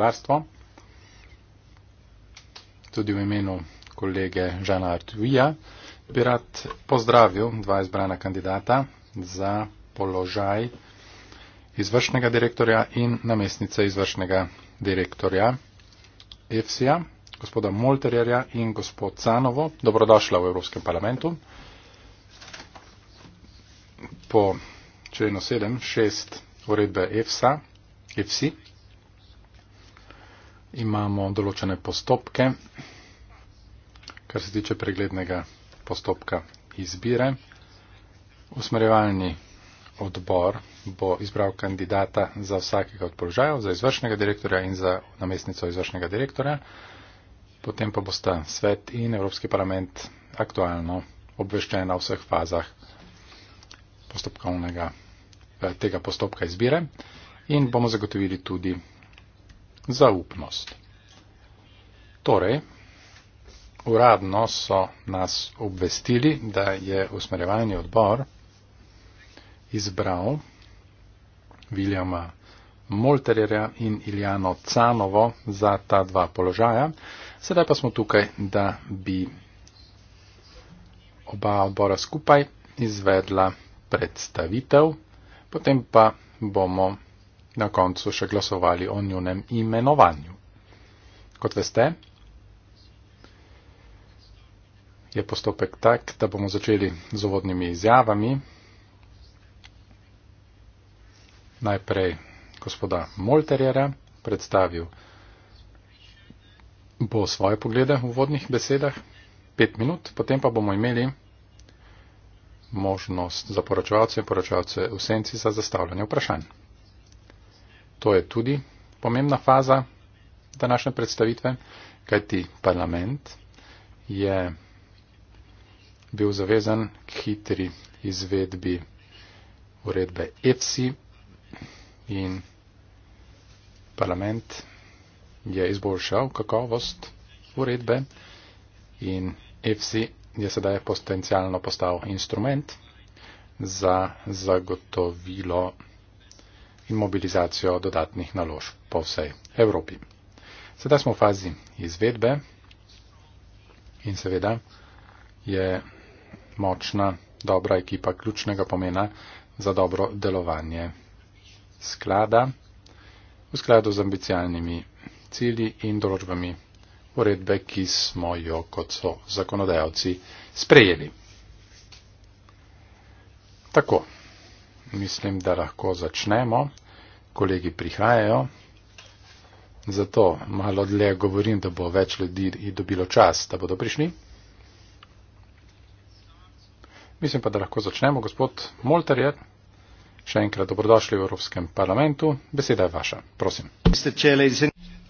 gospodarstvo. Tudi v imenu kolege Žana Artuija bi rad pozdravil dva izbrana kandidata za položaj izvršnega direktorja in namestnice izvršnega direktorja EFSI-a, gospoda Molterjerja in gospod Canovo. Dobrodošla v Evropskem parlamentu. Po členu 7.6 uredbe EFSA, EFSI, imamo določene postopke, kar se tiče preglednega postopka izbire. Usmerjevalni odbor bo izbral kandidata za vsakega od položajev, za izvršnega direktorja in za namestnico izvršnega direktorja. Potem pa bosta svet in Evropski parlament aktualno obveščena v vseh fazah postopkovnega eh, tega postopka izbire in bomo zagotovili tudi zaupnost. Torej, uradno so nas obvestili, da je usmerjevalni odbor izbral Viljama Moltererja in Iljano Canovo za ta dva položaja. Sedaj pa smo tukaj, da bi oba odbora skupaj izvedla predstavitev, potem pa bomo na koncu še glasovali o njunem imenovanju. Kot veste, je postopek tak, da bomo začeli z uvodnimi izjavami. Najprej gospoda Molterjera predstavil bo svoje poglede v uvodnih besedah, pet minut, potem pa bomo imeli možnost za poročevalce in poročevalce v senci za zastavljanje vprašanj. To je tudi pomembna faza današnje predstavitve, kajti parlament je bil zavezan k hitri izvedbi uredbe EFSI in parlament je izboljšal kakovost uredbe in EFSI je sedaj potencialno postal instrument za zagotovilo in mobilizacijo dodatnih naložb po vsej Evropi. Sedaj smo v fazi izvedbe in seveda je močna, dobra ekipa ključnega pomena za dobro delovanje sklada v skladu z ambicijalnimi cilji in določbami uredbe, ki smo jo kot so zakonodajalci sprejeli. Tako mislim, da lahko začnemo. Kolegi prihajajo, zato malo dlje govorim, da bo več ljudi dobilo čas, da bodo prišli. Mislim pa, da lahko začnemo. Gospod Molter je še enkrat dobrodošli v Evropskem parlamentu. Beseda je vaša. Prosim.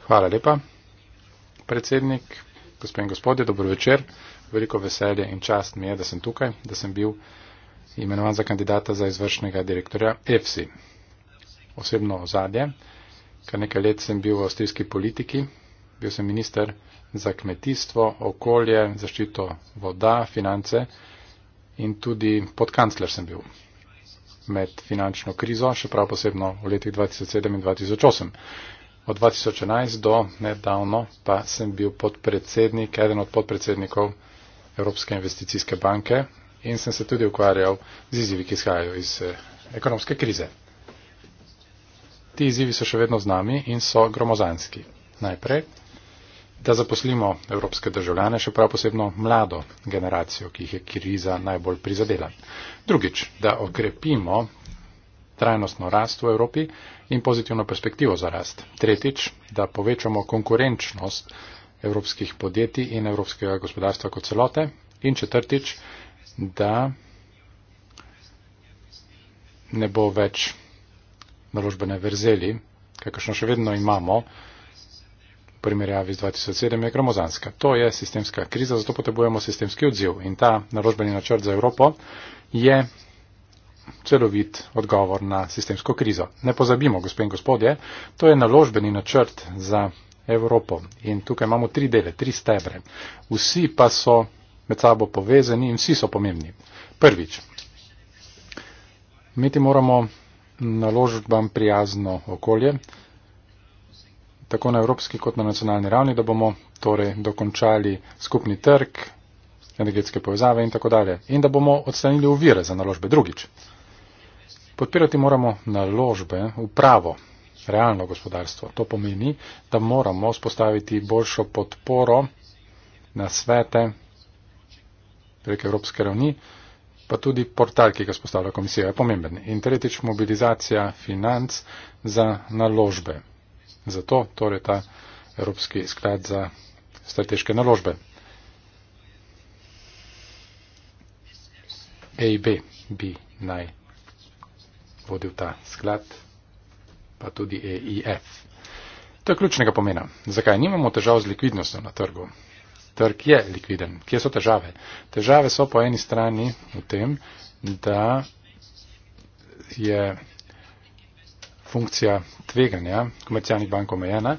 Hvala lepa, predsednik, gospod in gospodje, dobro večer. Veliko veselje in čast mi je, da sem tukaj, da sem bil imenovan za kandidata za izvršnega direktorja EFSI. Osebno ozadje, kar nekaj let sem bil v avstrijski politiki, bil sem minister za kmetijstvo, okolje, zaščito voda, finance in tudi podkancler sem bil med finančno krizo, še prav posebno v letih 2007 in 2008. Od 2011 do nedavno pa sem bil podpredsednik, eden od podpredsednikov Evropske investicijske banke in sem se tudi ukvarjal z izzivi, ki izhajajo iz eh, ekonomske krize. Ti izzivi so še vedno z nami in so gromozanski. Najprej, da zaposlimo evropske državljane, še prav posebno mlado generacijo, ki jih je kriza najbolj prizadela. Drugič, da okrepimo trajnostno rast v Evropi in pozitivno perspektivo za rast. Tretjič, da povečamo konkurenčnost evropskih podjetij in evropskega gospodarstva kot celote. In četrtič, da ne bo več naložbene verzeli, kakršno še vedno imamo v primerjavi z 2007 je gromozanska. To je sistemska kriza, zato potrebujemo sistemski odziv. In ta naložbeni načrt za Evropo je celovit odgovor na sistemsko krizo. Ne pozabimo, gospe in gospodje, to je naložbeni načrt za Evropo. In tukaj imamo tri dele, tri stebre. Vsi pa so med sabo povezani in vsi so pomembni. Prvič, imeti moramo naložbam prijazno okolje, tako na evropski kot na nacionalni ravni, da bomo torej dokončali skupni trg, energetske povezave in tako dalje. In da bomo odstranili uvire za naložbe. Drugič, podpirati moramo naložbe v pravo, realno gospodarstvo. To pomeni, da moramo spostaviti boljšo podporo na svete prek Evropske ravni, pa tudi portal, ki ga spostavlja komisija, je pomemben. In tretjič, mobilizacija financ za naložbe. Zato torej ta Evropski sklad za strateške naložbe. AB bi naj vodil ta sklad, pa tudi EIF. To je ključnega pomena. Zakaj nimamo težav z likvidnostjo na trgu? trg je likviden. Kje so težave? Težave so po eni strani v tem, da je funkcija tveganja komercialnih bank omejena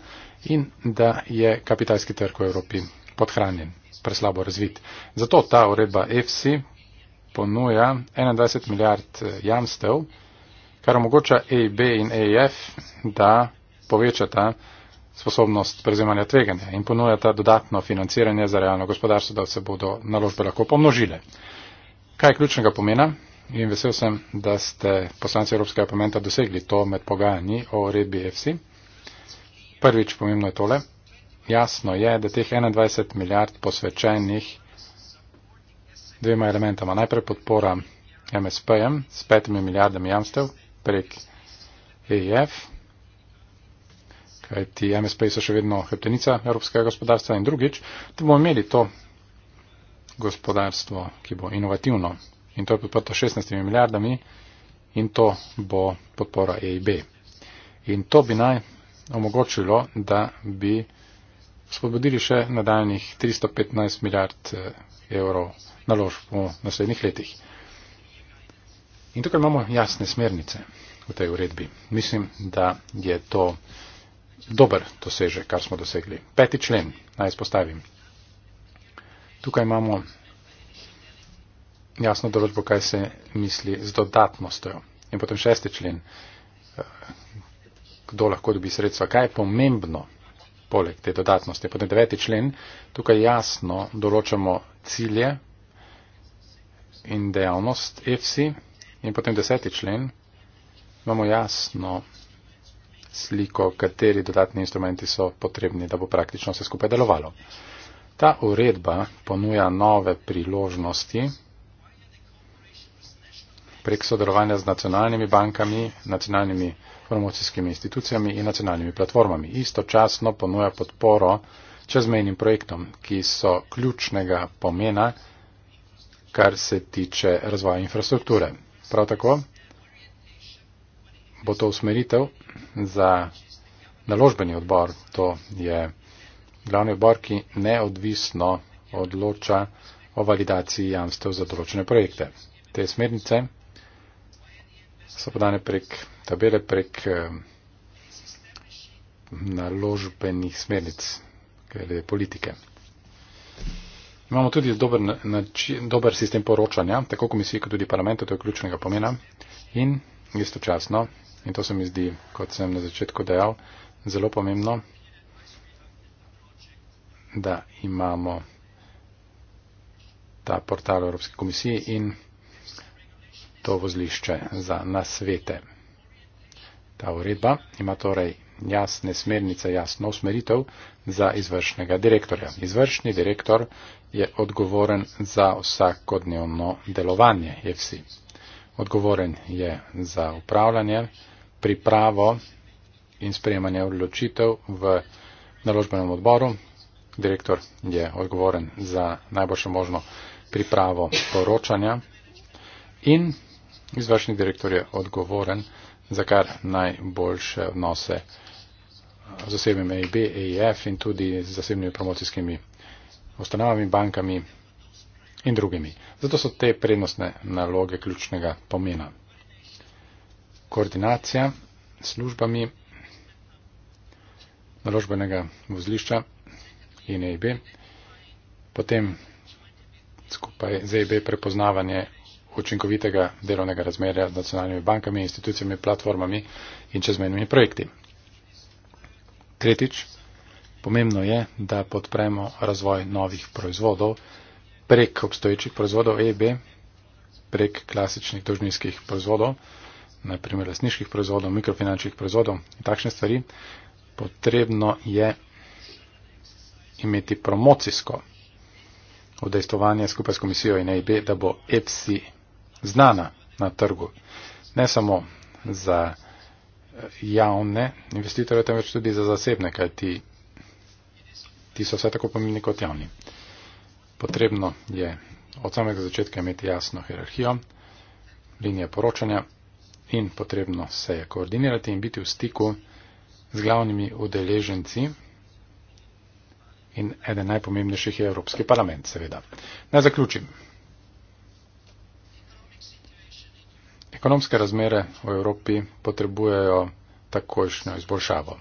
in da je kapitalski trg v Evropi podhranjen, preslabo razvit. Zato ta uredba EFSI ponuja 21 milijard eh, jamstev, kar omogoča EIB in EIF, da povečata sposobnost prevzemanja tveganja in ponujata dodatno financiranje za realno gospodarstvo, da se bodo naložbe lahko pomnožile. Kaj je ključnega pomena? In vesel sem, da ste poslanci Evropskega parlamenta dosegli to med pogajanji o redbi EFSI. Prvič pomembno je tole. Jasno je, da teh 21 milijard posvečenih dvema elementama. Najprej podpora MSP-jem s petimi milijardami jamstev prek EIF, kaj ti MSP so še vedno hrbtenica evropskega gospodarstva in drugič, da bomo imeli to gospodarstvo, ki bo inovativno in to je podprto 16 milijardami in to bo podpora EIB. In to bi naj omogočilo, da bi spodbudili še nadaljnih 315 milijard eh, evrov naložb v naslednjih letih. In tukaj imamo jasne smernice v tej uredbi. Mislim, da je to dober dosežek, kar smo dosegli. Peti člen, naj izpostavim. Tukaj imamo jasno določbo, kaj se misli z dodatnostjo. In potem šesti člen, eh, kdo lahko dobi sredstva, kaj je pomembno poleg te dodatnosti. Potem deveti člen, tukaj jasno določamo cilje in dejavnost EFSI. In potem deseti člen, imamo jasno sliko, kateri dodatni instrumenti so potrebni, da bo praktično vse skupaj delovalo. Ta uredba ponuja nove priložnosti prek sodelovanja z nacionalnimi bankami, nacionalnimi promocijskimi institucijami in nacionalnimi platformami. Istočasno ponuja podporo čezmejnim projektom, ki so ključnega pomena, kar se tiče razvoja infrastrukture. Prav tako bo to usmeritev za naložbeni odbor. To je glavni odbor, ki neodvisno odloča o validaciji jamstev za določene projekte. Te smernice so podane prek tabele, prek eh, naložbenih smernic glede politike. Imamo tudi dober, način, dober sistem poročanja, tako komisije kot tudi parlamenta, to je ključnega pomena. In istočasno In to se mi zdi, kot sem na začetku dejal, zelo pomembno, da imamo ta portal Evropske komisije in to vozlišče za nasvete. Ta uredba ima torej jasne smernice, jasno usmeritev za izvršnega direktorja. Izvršni direktor je odgovoren za vsakodnevno delovanje EFSI. Odgovoren je za upravljanje pripravo in sprejemanje odločitev v naložbenem odboru. Direktor je odgovoren za najboljšo možno pripravo poročanja in izvršni direktor je odgovoren za kar najboljše odnose z osebami AB, AEF in tudi z zasebnimi promocijskimi ustanovami, bankami in drugimi. Zato so te prednostne naloge ključnega pomena koordinacija s službami naložbenega vozlišča in EIB, potem skupaj z EIB prepoznavanje učinkovitega delovnega razmerja z nacionalnimi bankami, institucijami, platformami in čezmenimi projekti. Tretjič, pomembno je, da podpremo razvoj novih proizvodov prek obstoječih proizvodov EIB, prek klasičnih dožninskih proizvodov naprimer lasniških proizvodov, mikrofinančnih proizvodov in takšne stvari, potrebno je imeti promocijsko odejstovanje skupaj s komisijo in AIB, da bo EPSI znana na trgu. Ne samo za eh, javne investitore, temveč tudi za zasebne, kaj ti, ti so vse tako pomembni kot javni. Potrebno je od samega začetka imeti jasno hierarhijo, linije poročanja in potrebno se je koordinirati in biti v stiku z glavnimi udeleženci. In eden najpomembnejših je Evropski parlament, seveda. Naj zaključim. Ekonomske razmere v Evropi potrebujejo takojšnjo izboljšavo.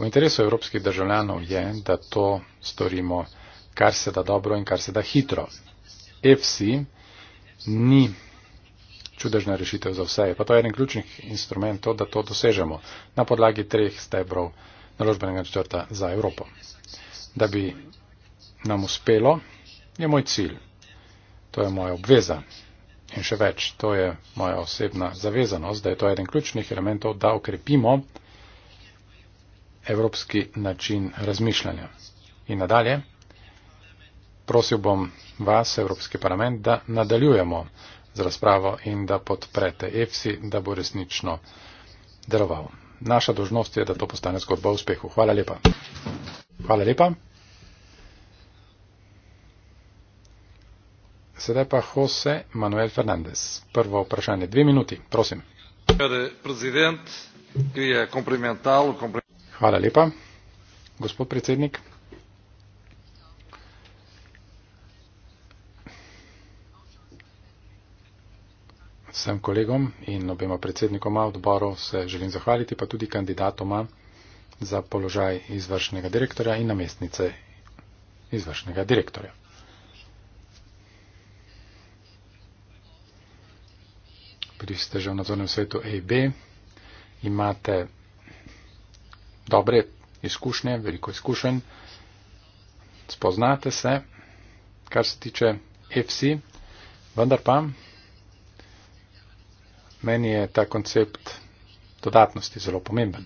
V interesu evropskih državljanov je, da to storimo kar se da dobro in kar se da hitro. FC ni čudežna rešitev za vse. Pa to je eden ključnih instrumentov, da to dosežemo na podlagi treh stebrov naložbenega načrta za Evropo. Da bi nam uspelo, je moj cilj. To je moja obveza. In še več, to je moja osebna zavezanost, da je to eden ključnih elementov, da okrepimo evropski način razmišljanja. In nadalje, prosil bom vas, Evropski parlament, da nadaljujemo z razpravo in da podprete EFSI, da bo resnično deloval. Naša dožnost je, da to postane zgodba o uspehu. Hvala lepa. Hvala lepa. Sedaj pa Jose Manuel Fernandez. Prvo vprašanje. Dve minuti, prosim. Hvala lepa. Gospod predsednik. vsem kolegom in obema predsednikoma odborov se želim zahvaliti, pa tudi kandidatoma za položaj izvršnega direktorja in namestnice izvršnega direktorja. Bili ste že v nadzornem svetu AB, e imate dobre izkušnje, veliko izkušenj, spoznate se, kar se tiče FC, vendar pa meni je ta koncept dodatnosti zelo pomemben.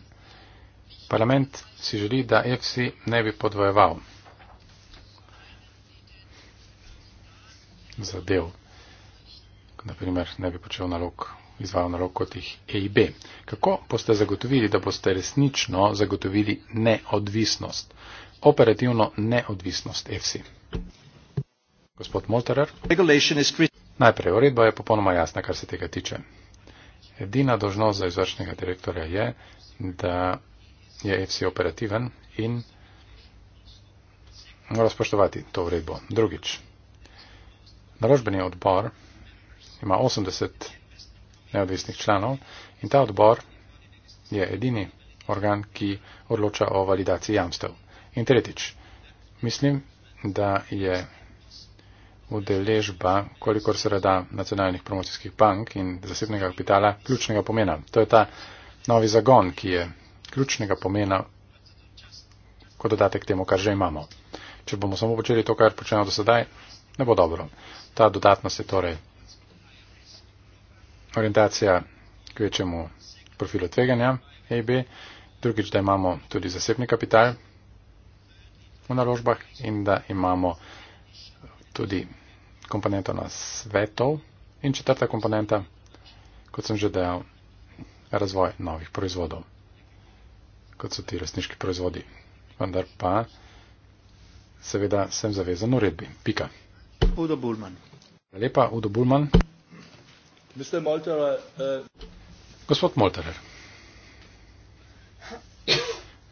Parlament si želi, da EFSI ne bi podvojeval zadev, naprimer ne bi počel nalog, izvajal nalog kot jih EIB. Kako boste zagotovili, da boste resnično zagotovili neodvisnost, operativno neodvisnost EFSI? Gospod Molterer, najprej, uredba je popolnoma jasna, kar se tega tiče. Edina dožnost za izvršnega direktorja je, da je EFSI operativen in mora spoštovati to vredbo. Drugič, naložbeni odbor ima 80 neodvisnih članov in ta odbor je edini organ, ki odloča o validaciji jamstev. In tretjič, mislim, da je udeležba, kolikor se rada nacionalnih promocijskih bank in zasebnega kapitala, ključnega pomena. To je ta novi zagon, ki je ključnega pomena kot dodatek temu, kar že imamo. Če bomo samo počeli to, kar počnemo do sedaj, ne bo dobro. Ta dodatnost je torej orientacija k večjemu profilu tveganja AB, drugič, da imamo tudi zasebni kapital v naložbah in da imamo tudi komponenta na svetov in četrta komponenta, kot sem že dejal, razvoj novih proizvodov, kot so ti resniški proizvodi. Vendar pa, seveda, sem zavezan uredbi. Pika. Udo Bulman. Lepa, Udo Bulman. Molterer, uh... Gospod Molterer.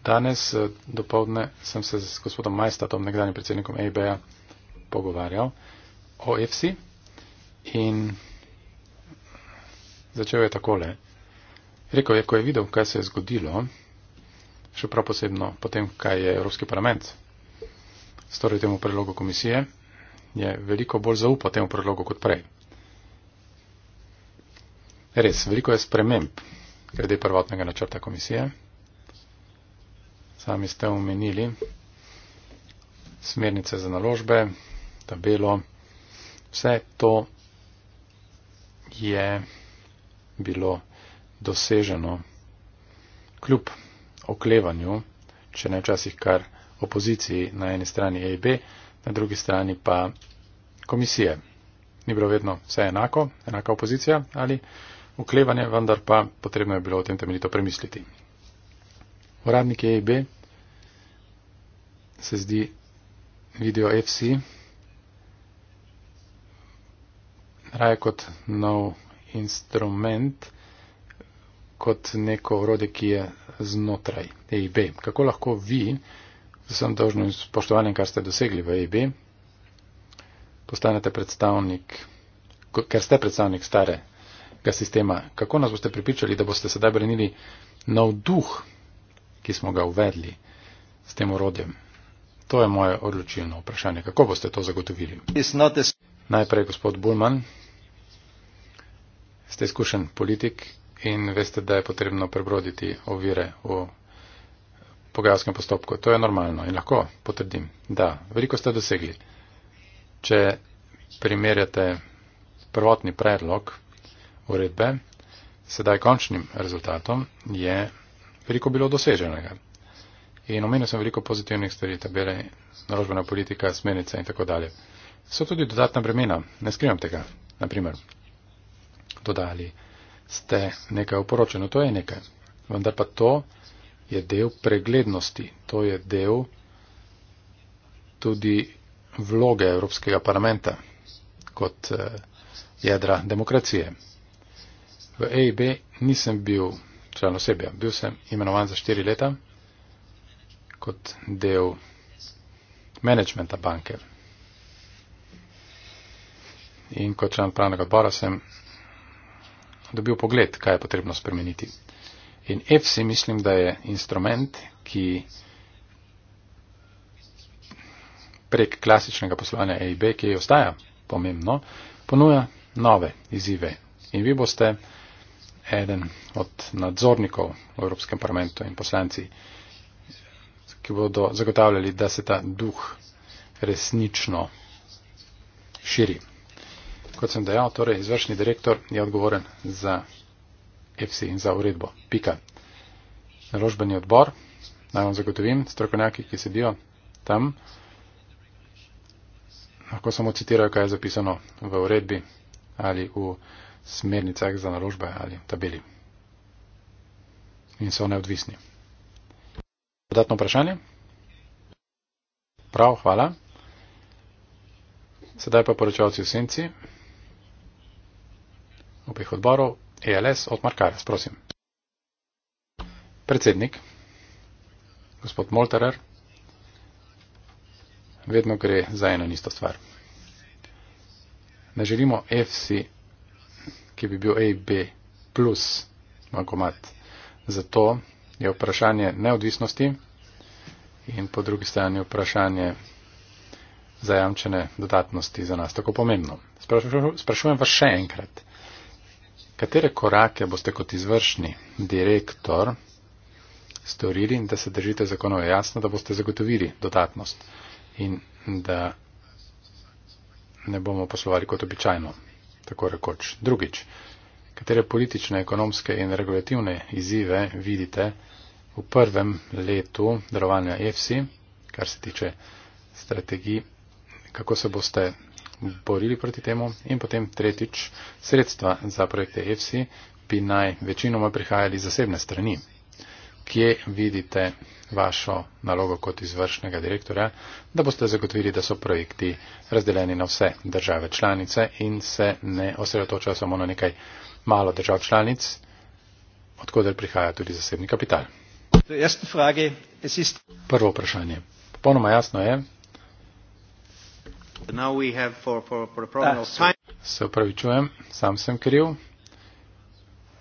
Danes eh, dopoledne sem se z gospodom Majstatom, nekdanjim predsednikom EIB-a, pogovarjal o EFSI in začel je takole. Rekel je, ko je videl, kaj se je zgodilo, še prav posebno potem, kaj je Evropski parlament storil temu predlogu komisije, je veliko bolj zaupal temu predlogu kot prej. Res, veliko je sprememb glede prvotnega načrta komisije. Sami ste omenili smernice za naložbe, tabelo, vse to je bilo doseženo kljub oklevanju, če ne včasih kar opoziciji na eni strani EIB, na drugi strani pa komisije. Ni bilo vedno vse enako, enaka opozicija ali oklevanje, vendar pa potrebno je bilo o tem temeljito premisliti. Uradniki EIB se zdi, vidijo FC raje kot nov instrument, kot neko orodje, ki je znotraj EIB. Kako lahko vi, z vsem dožnim spoštovanjem, kar ste dosegli v EIB, postanete predstavnik, ker ste predstavnik starega sistema, kako nas boste pripričali, da boste sedaj brenili nov duh, ki smo ga uvedli s tem orodjem? To je moje odločilno vprašanje. Kako boste to zagotovili? Najprej, gospod Bulman, ste izkušen politik in veste, da je potrebno prebroditi ovire v pogajalskem postopku. To je normalno in lahko potrdim, da veliko ste dosegli. Če primerjate prvotni predlog uredbe, sedaj končnim rezultatom je veliko bilo doseženega. In omenil sem veliko pozitivnih stvari, tabele, naložbena politika, smernice in tako dalje. So tudi dodatna bremena, ne skrivam tega, naprimer, dodali, ste nekaj v poročanju, to je nekaj. Vendar pa to je del preglednosti, to je del tudi vloge Evropskega parlamenta kot eh, jedra demokracije. V EIB nisem bil član osebja, bil sem imenovan za štiri leta kot del menedžmenta banke. In kot član pravnega bora sem dobil pogled, kaj je potrebno spremeniti. In EFSI mislim, da je instrument, ki prek klasičnega poslovanja EIB, ki je ostaja pomembno, ponuja nove izzive. In vi boste eden od nadzornikov v Evropskem parlamentu in poslanci, ki bodo zagotavljali, da se ta duh resnično širi kot sem dejal, torej izvršni direktor je odgovoren za EFSI in za uredbo. Pika. Naložbeni odbor, naj vam zagotovim, strokovnjaki, ki sedijo tam, lahko samo citirajo, kaj je zapisano v uredbi ali v smernicah za naložbe ali tabeli. In so neodvisni. Dodatno vprašanje? Prav, hvala. Sedaj pa poročavci v senci obeh odborov, ELS od Markares, prosim. Predsednik, gospod Molterer, vedno gre za eno isto stvar. Ne želimo FC, ki bi bil AB plus bankomat. Zato je vprašanje neodvisnosti in po drugi strani vprašanje zajamčene dodatnosti za nas tako pomembno. Sprašujem vas še enkrat. Katere korake boste kot izvršni direktor storili, da se držite zakonov jasno, da boste zagotovili dodatnost in da ne bomo poslovali kot običajno, tako rekoč. Drugič, katere politične, ekonomske in regulativne izzive vidite v prvem letu delovanja EFSI, kar se tiče strategij, kako se boste borili proti temu. In potem tretjič, sredstva za projekte EFSI bi naj večinoma prihajali zasebne strani. Kje vidite vašo nalogo kot izvršnega direktorja, da boste zagotovili, da so projekti razdeljeni na vse države članice in se ne osredotočajo samo na nekaj malo držav članic, odkuder prihaja tudi zasebni kapital. Prvo vprašanje. Popolnoma jasno je, Se upravičujem, sam sem kriv.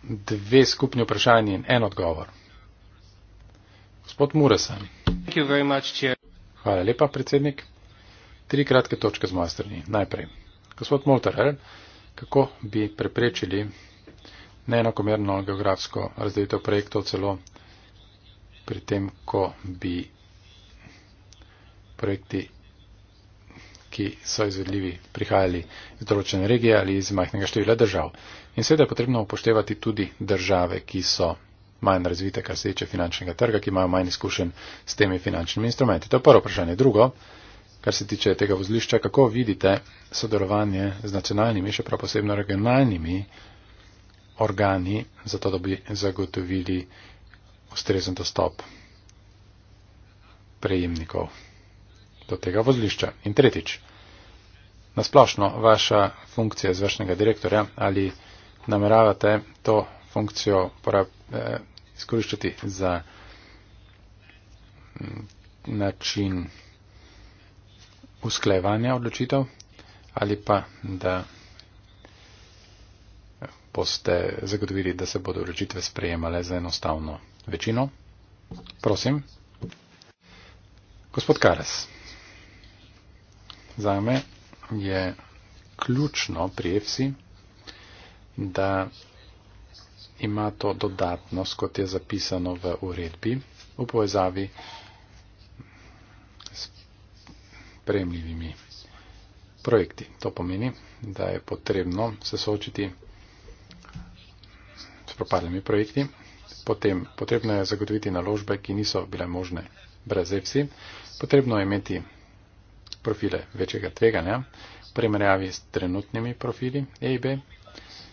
Dve skupni vprašanje in en odgovor. Gospod Muresan. Hvala lepa, predsednik. Tri kratke točke z moje strani. Najprej. Gospod Molterer, kako bi preprečili neenakomerno geografsko razdelitev projektov celo pri tem, ko bi projekti ki so izvedljivi, prihajali iz določene regije ali iz majhnega števila držav. In seveda je potrebno upoštevati tudi države, ki so manj razvite, kar se tiče finančnega trga, ki imajo manj izkušen s temi finančnimi instrumenti. To je prvo vprašanje. Drugo, kar se tiče tega vozlišča, kako vidite sodelovanje z nacionalnimi, še prav posebno regionalnimi organi, zato da bi zagotovili ustrezen dostop prejemnikov do tega vozlišča. In tretjič, nasplošno vaša funkcija izvršnega direktorja, ali nameravate to funkcijo porab, eh, izkoriščati za mm, način usklajevanja odločitev ali pa da boste zagotovili, da se bodo odločitve sprejemale za enostavno večino. Prosim. Gospod Karas. Za me je ključno pri EFSI, da ima to dodatnost, kot je zapisano v uredbi, v povezavi s premljivimi projekti. To pomeni, da je potrebno se soočiti s propadljami projekti, potem potrebno je zagotoviti naložbe, ki niso bile možne brez EFSI, potrebno je imeti profile večjega tveganja v primerjavi s trenutnimi profili EIB.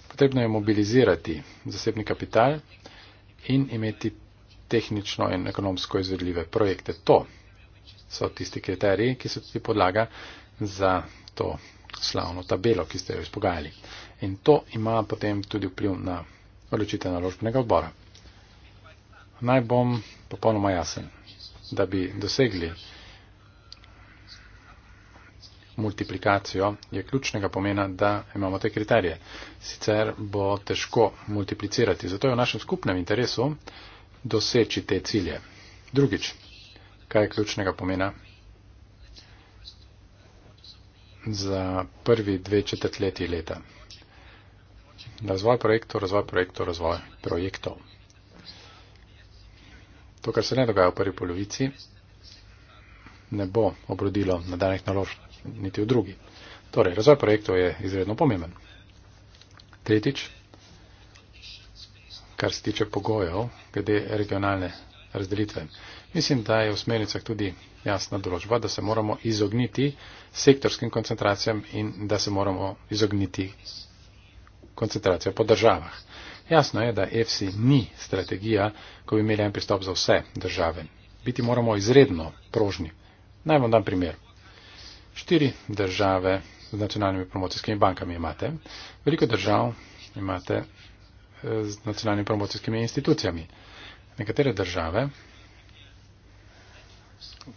Potrebno je mobilizirati zasebni kapital in imeti tehnično in ekonomsko izvedljive projekte. To so tisti kriteriji, ki so tudi podlaga za to slavno tabelo, ki ste jo izpogajali. In to ima potem tudi vpliv na odločitev naložbenega odbora. Naj bom popolnoma jasen, da bi dosegli multiplikacijo, je ključnega pomena, da imamo te kriterije. Sicer bo težko multiplicirati, zato je v našem skupnem interesu doseči te cilje. Drugič, kaj je ključnega pomena? za prvi dve četrtletji leta. Razvoj projektov, razvoj projektov, razvoj projektov. To, kar se ne dogaja v prvi polovici, ne bo obrodilo nadaljnih naložb, niti v drugi. Torej, razvoj projektov je izredno pomemben. Tretjič, kar se tiče pogojev, glede regionalne razdelitve. Mislim, da je v smernicah tudi jasna določba, da se moramo izogniti sektorskim koncentracijam in da se moramo izogniti koncentracijam po državah. Jasno je, da EFSI ni strategija, ko bi imeli en pristop za vse države. Biti moramo izredno prožni. Naj vam dam primer. Štiri države z nacionalnimi promocijskimi bankami imate. Veliko držav imate eh, z nacionalnimi promocijskimi institucijami. Nekatere države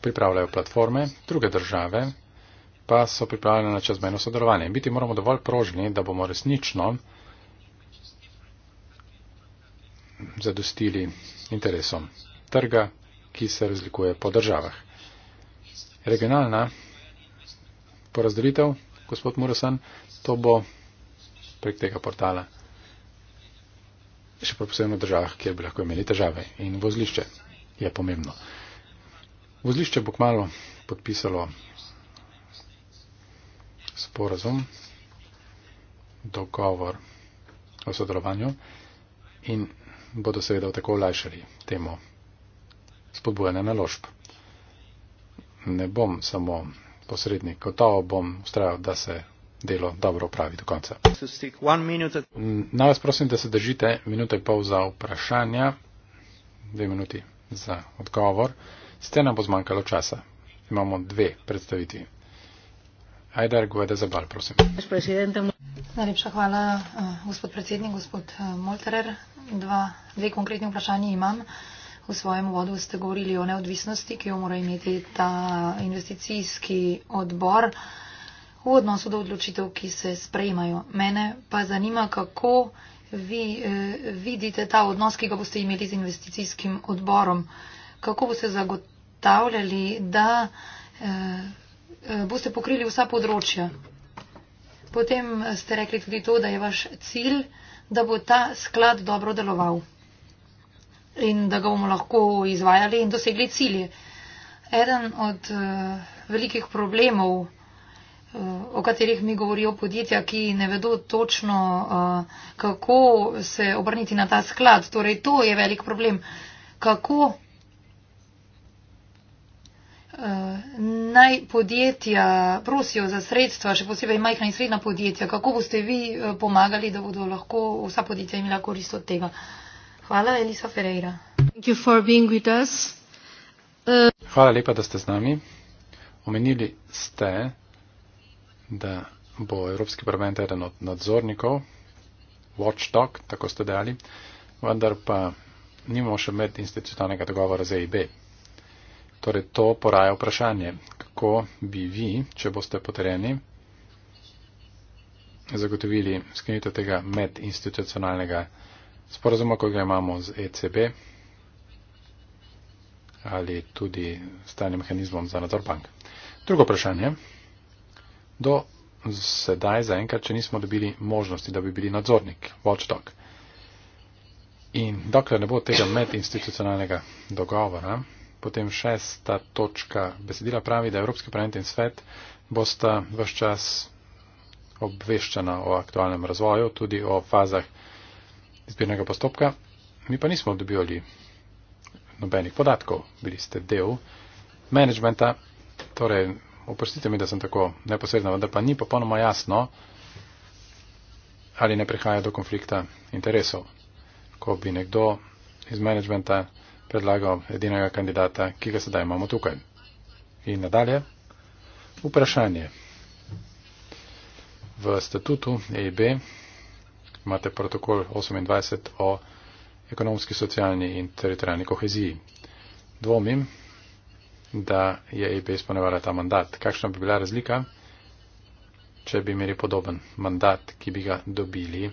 pripravljajo platforme, druge države pa so pripravljene na čezmejno sodelovanje. In biti moramo dovolj prožni, da bomo resnično zadostili interesom trga, ki se razlikuje po državah regionalna porazdelitev, gospod Murasan, to bo prek tega portala. Še posebej v državah, kjer bi lahko imeli težave. In vozlišče je pomembno. Vozlišče bo kmalo podpisalo sporazum, dogovor o sodelovanju in bodo seveda tako olajšali temu spodbujanja naložb ne bom samo posrednik, gotovo bom ustrajal, da se delo dobro opravi do konca. Mm, Na vas prosim, da se držite minute pol za vprašanja, dve minuti za odgovor. Ste nam bo zmanjkalo časa. Imamo dve predstaviti. Ajdar Gueda Zabal, prosim. Najlepša hvala, eh, gospod predsednik, gospod eh, Molterer. Dva, dve konkretni vprašanje imam v svojem vodu ste govorili o neodvisnosti, ki jo mora imeti ta investicijski odbor v odnosu do odločitev, ki se sprejmajo. Mene pa zanima, kako vi eh, vidite ta odnos, ki ga boste imeli z investicijskim odborom. Kako boste zagotavljali, da eh, eh boste pokrili vsa področja. Potem ste rekli tudi to, da je vaš cilj, da bo ta sklad dobro deloval in da ga bomo lahko izvajali in dosegli cilje. Eden od eh, velikih problemov, eh, o katerih mi govorijo podjetja, ki ne vedo točno, eh, kako se obrniti na ta sklad. Torej, to je velik problem. Kako naj podjetja prosijo za sredstva, še posebej majhna in srednja podjetja, kako boste vi pomagali, da bodo lahko vsa podjetja imela korist od tega. Uh, Hvala, Elisa Ferreira. Uh, Hvala lepa, da ste z nami. Omenili ste, da bo Evropski parlament eden od nadzornikov, watchdog, tako ste dejali, vendar pa nimamo še medinstitucionalnega dogovora z EIB. Torej to poraja vprašanje, kako bi vi, če boste potrjeni, zagotovili sklenitev tega medinstitucionalnega dogovora sporazuma, kot ga imamo z ECB ali tudi stanjem mehanizmom za nadzor bank. Drugo vprašanje. Do sedaj zaenkrat, če nismo dobili možnosti, da bi bili nadzornik, watchdog. In dokler ne bo tega medinstitucionalnega dogovora, potem šesta točka besedila pravi, da Evropski parlament in svet bosta vse čas obveščena o aktualnem razvoju, tudi o fazah izbirnega postopka, mi pa nismo dobivali nobenih podatkov. Bili ste del menedžmenta, torej oprostite mi, da sem tako neposredno, vendar pa ni popolnoma jasno, ali ne prihaja do konflikta interesov. Ko bi nekdo iz menedžmenta predlagal edinega kandidata, ki ga sedaj imamo tukaj. In nadalje, vprašanje. V statutu EIB imate protokol 28 o ekonomski, socialni in teritorijalni koheziji. Dvomim, da je EIB izpolnjevala ta mandat. Kakšna bi bila razlika, če bi imeli podoben mandat, ki bi ga dobili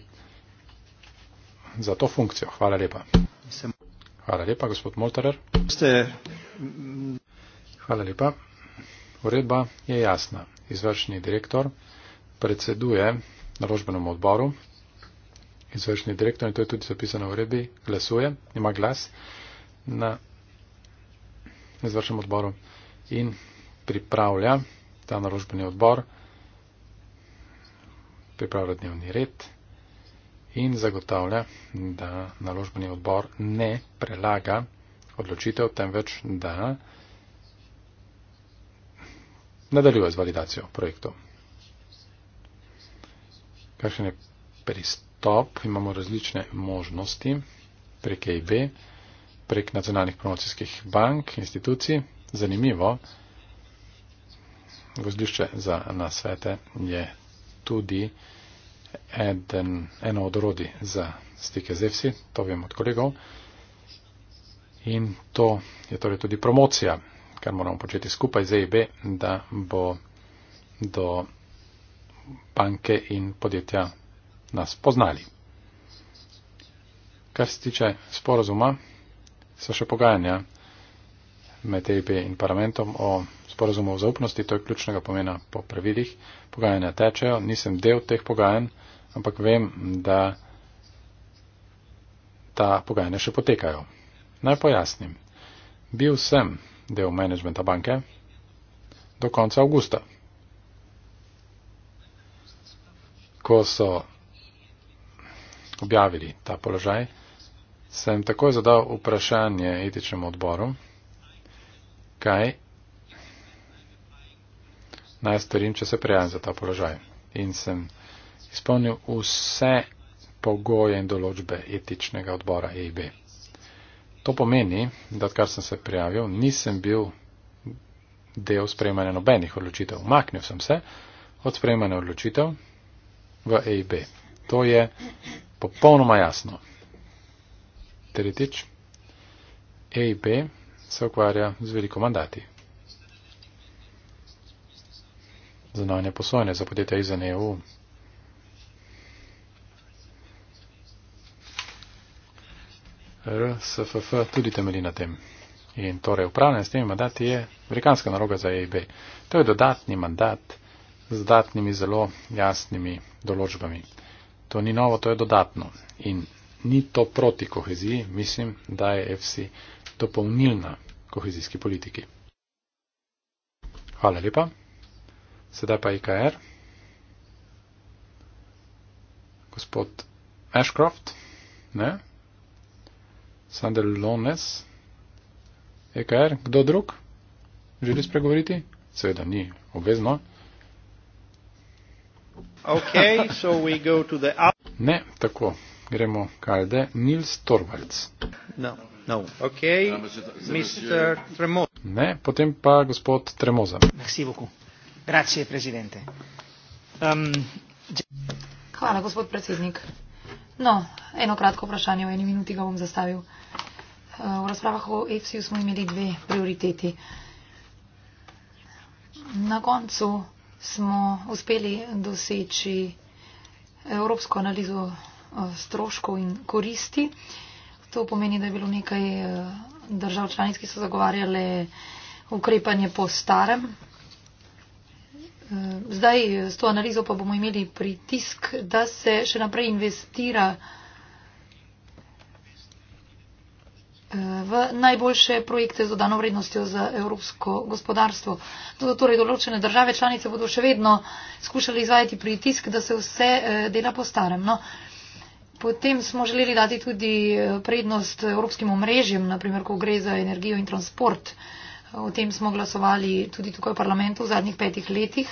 za to funkcijo? Hvala lepa. Hvala lepa, gospod Molterer. Hvala lepa. Uredba je jasna. Izvršni direktor predseduje naložbenemu odboru, izvršni direktor in to je tudi zapisano v uredbi, glasuje, ima glas na izvršnem odboru in pripravlja ta naložbeni odbor, pripravlja dnevni red in zagotavlja, da naložbeni odbor ne prelaga odločitev, temveč da nadaljuje z validacijo projektov. Kakšen je pristop? top imamo različne možnosti prek EIB, prek nacionalnih promocijskih bank, institucij. Zanimivo, gozdišče za nasvete je tudi eden, eno od orodij za stike z EFSI, to vem od kolegov. In to je torej tudi promocija, kar moramo početi skupaj z EIB, da bo do banke in podjetja nas poznali. Kar se tiče sporozuma, so še pogajanja med EIP in parlamentom o sporozumu o zaupnosti, to je ključnega pomena po pravilih. Pogajanja tečejo, nisem del teh pogajanj, ampak vem, da ta pogajanja še potekajo. Naj pojasnim. Bil sem del menedžmenta banke do konca avgusta. Ko so objavili ta položaj, sem takoj zadal vprašanje etičnemu odboru, kaj naj storim, če se prijavim za ta položaj. In sem izpolnil vse pogoje in določbe etičnega odbora EIB. To pomeni, da odkar sem se prijavil, nisem bil del sprejmanja nobenih odločitev. Maknil sem se od sprejmanja odločitev v EIB. To je popolnoma jasno. Tretjič, EIP se ukvarja z veliko mandati. Zanovanje poslovne za podjetja izven EU. RSFF tudi temelji na tem. In torej upravljanje s temi mandati je amerikanska naloga za EIB. To je dodatni mandat z dodatnimi zelo jasnimi določbami. To ni novo, to je dodatno. In ni to proti koheziji, mislim, da je EFSI dopolnilna kohezijski politiki. Hvala lepa. Sedaj pa IKR. Gospod Ashcroft, ne? Sander Lones, IKR, e kdo drug? Želi spregovoriti? Seveda ni, obvezno. Okay, so we go to the ne, tako, gremo kaj je, Nils Torvalds. No. No. Okay, ne, potem pa gospod Tremoza. Grazie, presidente. Um, Hvala, gospod predsednik. No, eno kratko vprašanje, v eni minuti ga bom zastavil. Uh, v razpravah o EFSI-ju smo imeli dve prioriteti. Na koncu smo uspeli doseči evropsko analizo eh, stroškov in koristi. To pomeni, da je bilo nekaj eh, držav članic, ki so zagovarjale ukrepanje po starem. Eh, zdaj s to analizo pa bomo imeli pritisk, da se še naprej investira v najboljše projekte z dodano vrednostjo za evropsko gospodarstvo. Zato torej določene države članice bodo še vedno skušali izvajati pritisk, da se vse eh, dela po starem. No, potem smo želeli dati tudi eh, prednost evropskim omrežjem, naprimer, ko gre za energijo in transport. O tem smo glasovali tudi tukaj v parlamentu v zadnjih petih letih.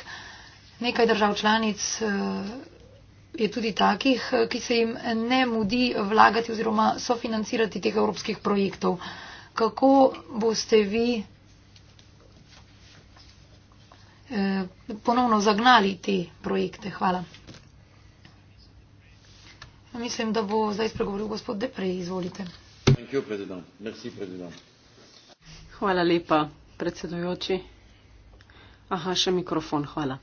Nekaj držav članic eh, je tudi takih, ki se jim ne mudi vlagati oziroma sofinancirati teh evropskih projektov. Kako boste vi eh, ponovno zagnali te projekte? Hvala. Mislim, da bo zdaj spregovoril gospod Deprej. Izvolite. Hvala lepa, predsedujoči. Aha, še mikrofon. Hvala.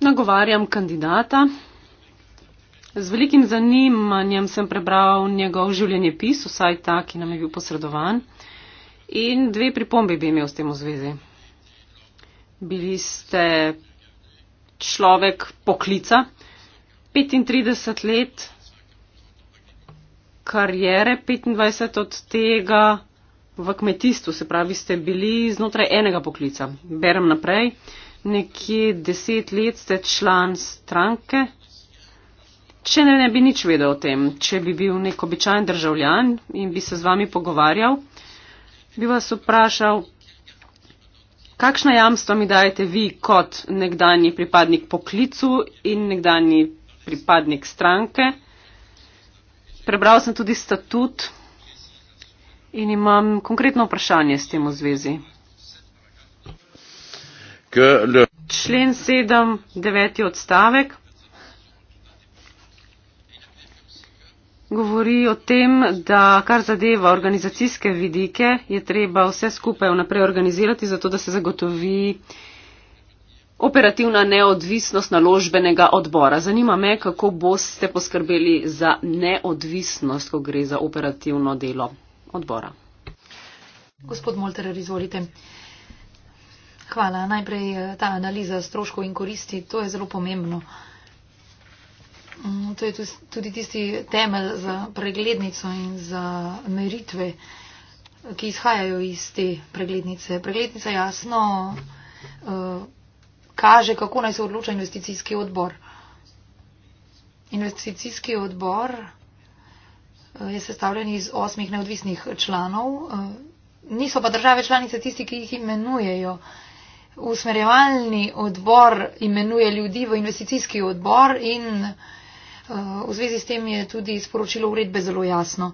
Nagovarjam kandidata. Z velikim zanimanjem sem prebral njegov življenjepis, vsaj ta, ki nam je bil posredovan, in dve pripombe bi imel s tem v zvezi. Bili ste človek poklica, 35 let karijere, 25 od tega v kmetijstvu, se pravi, ste bili znotraj enega poklica. Berem naprej nekje deset let ste član stranke. Če ne, ne bi nič vedel o tem, če bi bil nek običajen državljan in bi se z vami pogovarjal, bi vas vprašal, kakšna jamstva mi dajete vi kot nekdani pripadnik poklicu in nekdani pripadnik stranke. Prebral sem tudi statut in imam konkretno vprašanje s tem v zvezi člen sedem deveti odstavek govori o tem, da kar zadeva organizacijske vidike, je treba vse skupaj vnaprej organizirati, zato da se zagotovi operativna neodvisnost naložbenega odbora. Zanima me, kako boste poskrbeli za neodvisnost, ko gre za operativno delo odbora. Gospod Molter, izvolite. Uh, Hvala. Najprej eh, ta analiza stroškov in koristi, to je zelo pomembno. Mm, to je tudi tisti temelj za preglednico in za meritve, ki izhajajo iz te preglednice. Preglednica jasno eh, kaže, kako naj se odloča investicijski odbor. Investicijski odbor eh, je sestavljen iz osmih neodvisnih članov, niso pa države članice tisti, ki jih imenujejo usmerjevalni odbor imenuje ljudi v investicijski odbor in eh, v zvezi s tem je tudi sporočilo uredbe zelo jasno.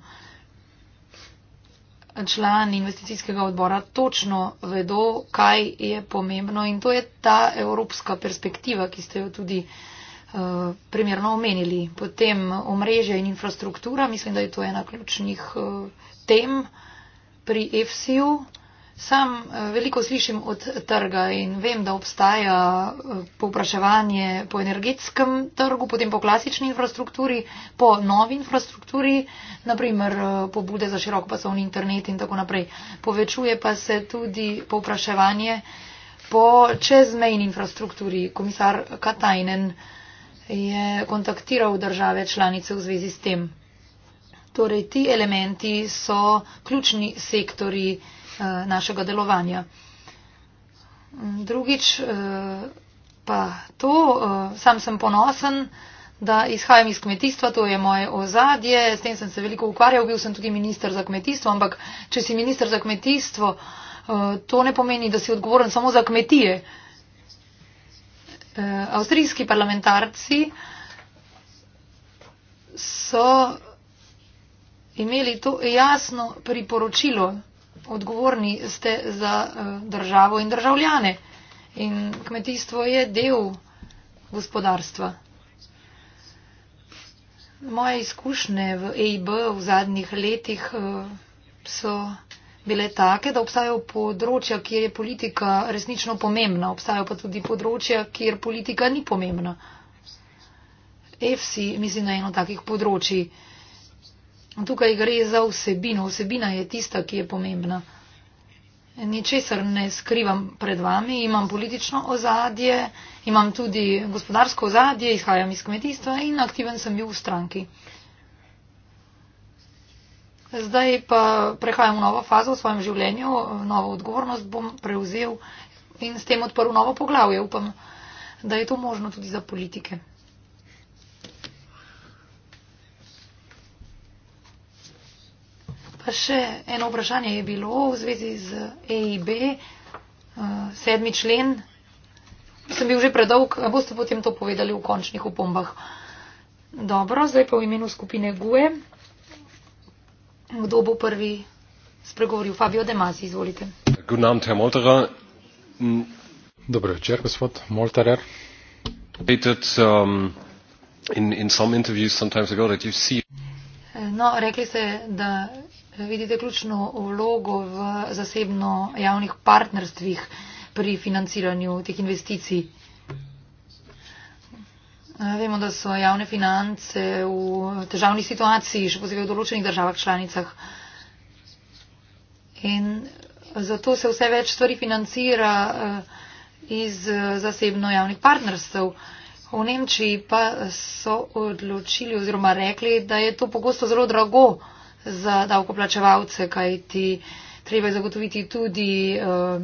Člani investicijskega odbora točno vedo, kaj je pomembno in to je ta evropska perspektiva, ki ste jo tudi eh, primerno omenili. Potem omrežje in infrastruktura, mislim, da je to ena ključnih eh, tem pri EFSI-u. Sam eh, veliko slišim od trga in vem, da obstaja eh, povpraševanje po energetskem trgu, potem po klasični infrastrukturi, po novi infrastrukturi, naprimer eh, pobude za široko pasovni internet in tako naprej. Povečuje pa se tudi povpraševanje po čezmejni infrastrukturi. Komisar Katajnen je kontaktiral države članice v zvezi s tem. Torej, ti elementi so ključni sektori, Eh, našega delovanja. Drugič eh, pa to, eh, sam sem ponosen, da izhajam iz kmetijstva, to je moje ozadje, s tem sem se veliko ukvarjal, bil sem tudi minister za kmetijstvo, ampak če si minister za kmetijstvo, to ne pomeni, da si odgovoren samo za kmetije. Avstrijski parlamentarci so imeli to jasno priporočilo odgovorni ste za eh, državo in državljane. In kmetijstvo je del gospodarstva. Moje izkušnje v EIB v zadnjih letih eh, so bile take, da obstajajo področja, kjer je politika resnično pomembna. Obstajajo pa tudi področja, kjer politika ni pomembna. EFSI mislim na eno takih področji. Tukaj gre za vsebino. Vsebina je tista, ki je pomembna. Ničesar ne skrivam pred vami, imam politično ozadje, imam tudi gospodarsko ozadje, izhajam iz kmetijstva in aktiven sem bil v stranki. Zdaj pa prehajam v novo fazo v svojem življenju, novo odgovornost bom prevzel in s tem odprl novo poglavje. Upam, da je to možno tudi za politike. Pa še eno vprašanje je bilo v zvezi z EIB, eh, sedmi člen. Sem bil že predolg, a boste potem to povedali v končnih upombah. Dobro, zdaj pa v imenu skupine GUE. Kdo bo prvi spregovoril? Fabio Demasi, izvolite. Hm. Dobro večer, gospod Molterer. Ähm, eh, no, rekli ste, da vidite ključno vlogo v zasebno-javnih partnerstvih pri financiranju teh investicij? Vemo, da so javne finance v težavni situaciji, še posebej v določenih državah članicah. In zato se vse več stvari financira eh, iz zasebno-javnih partnerstv. V Nemčiji pa so odločili oziroma rekli, da je to pogosto zelo drago za davkoplačevalce, kaj ti treba je zagotoviti tudi uh,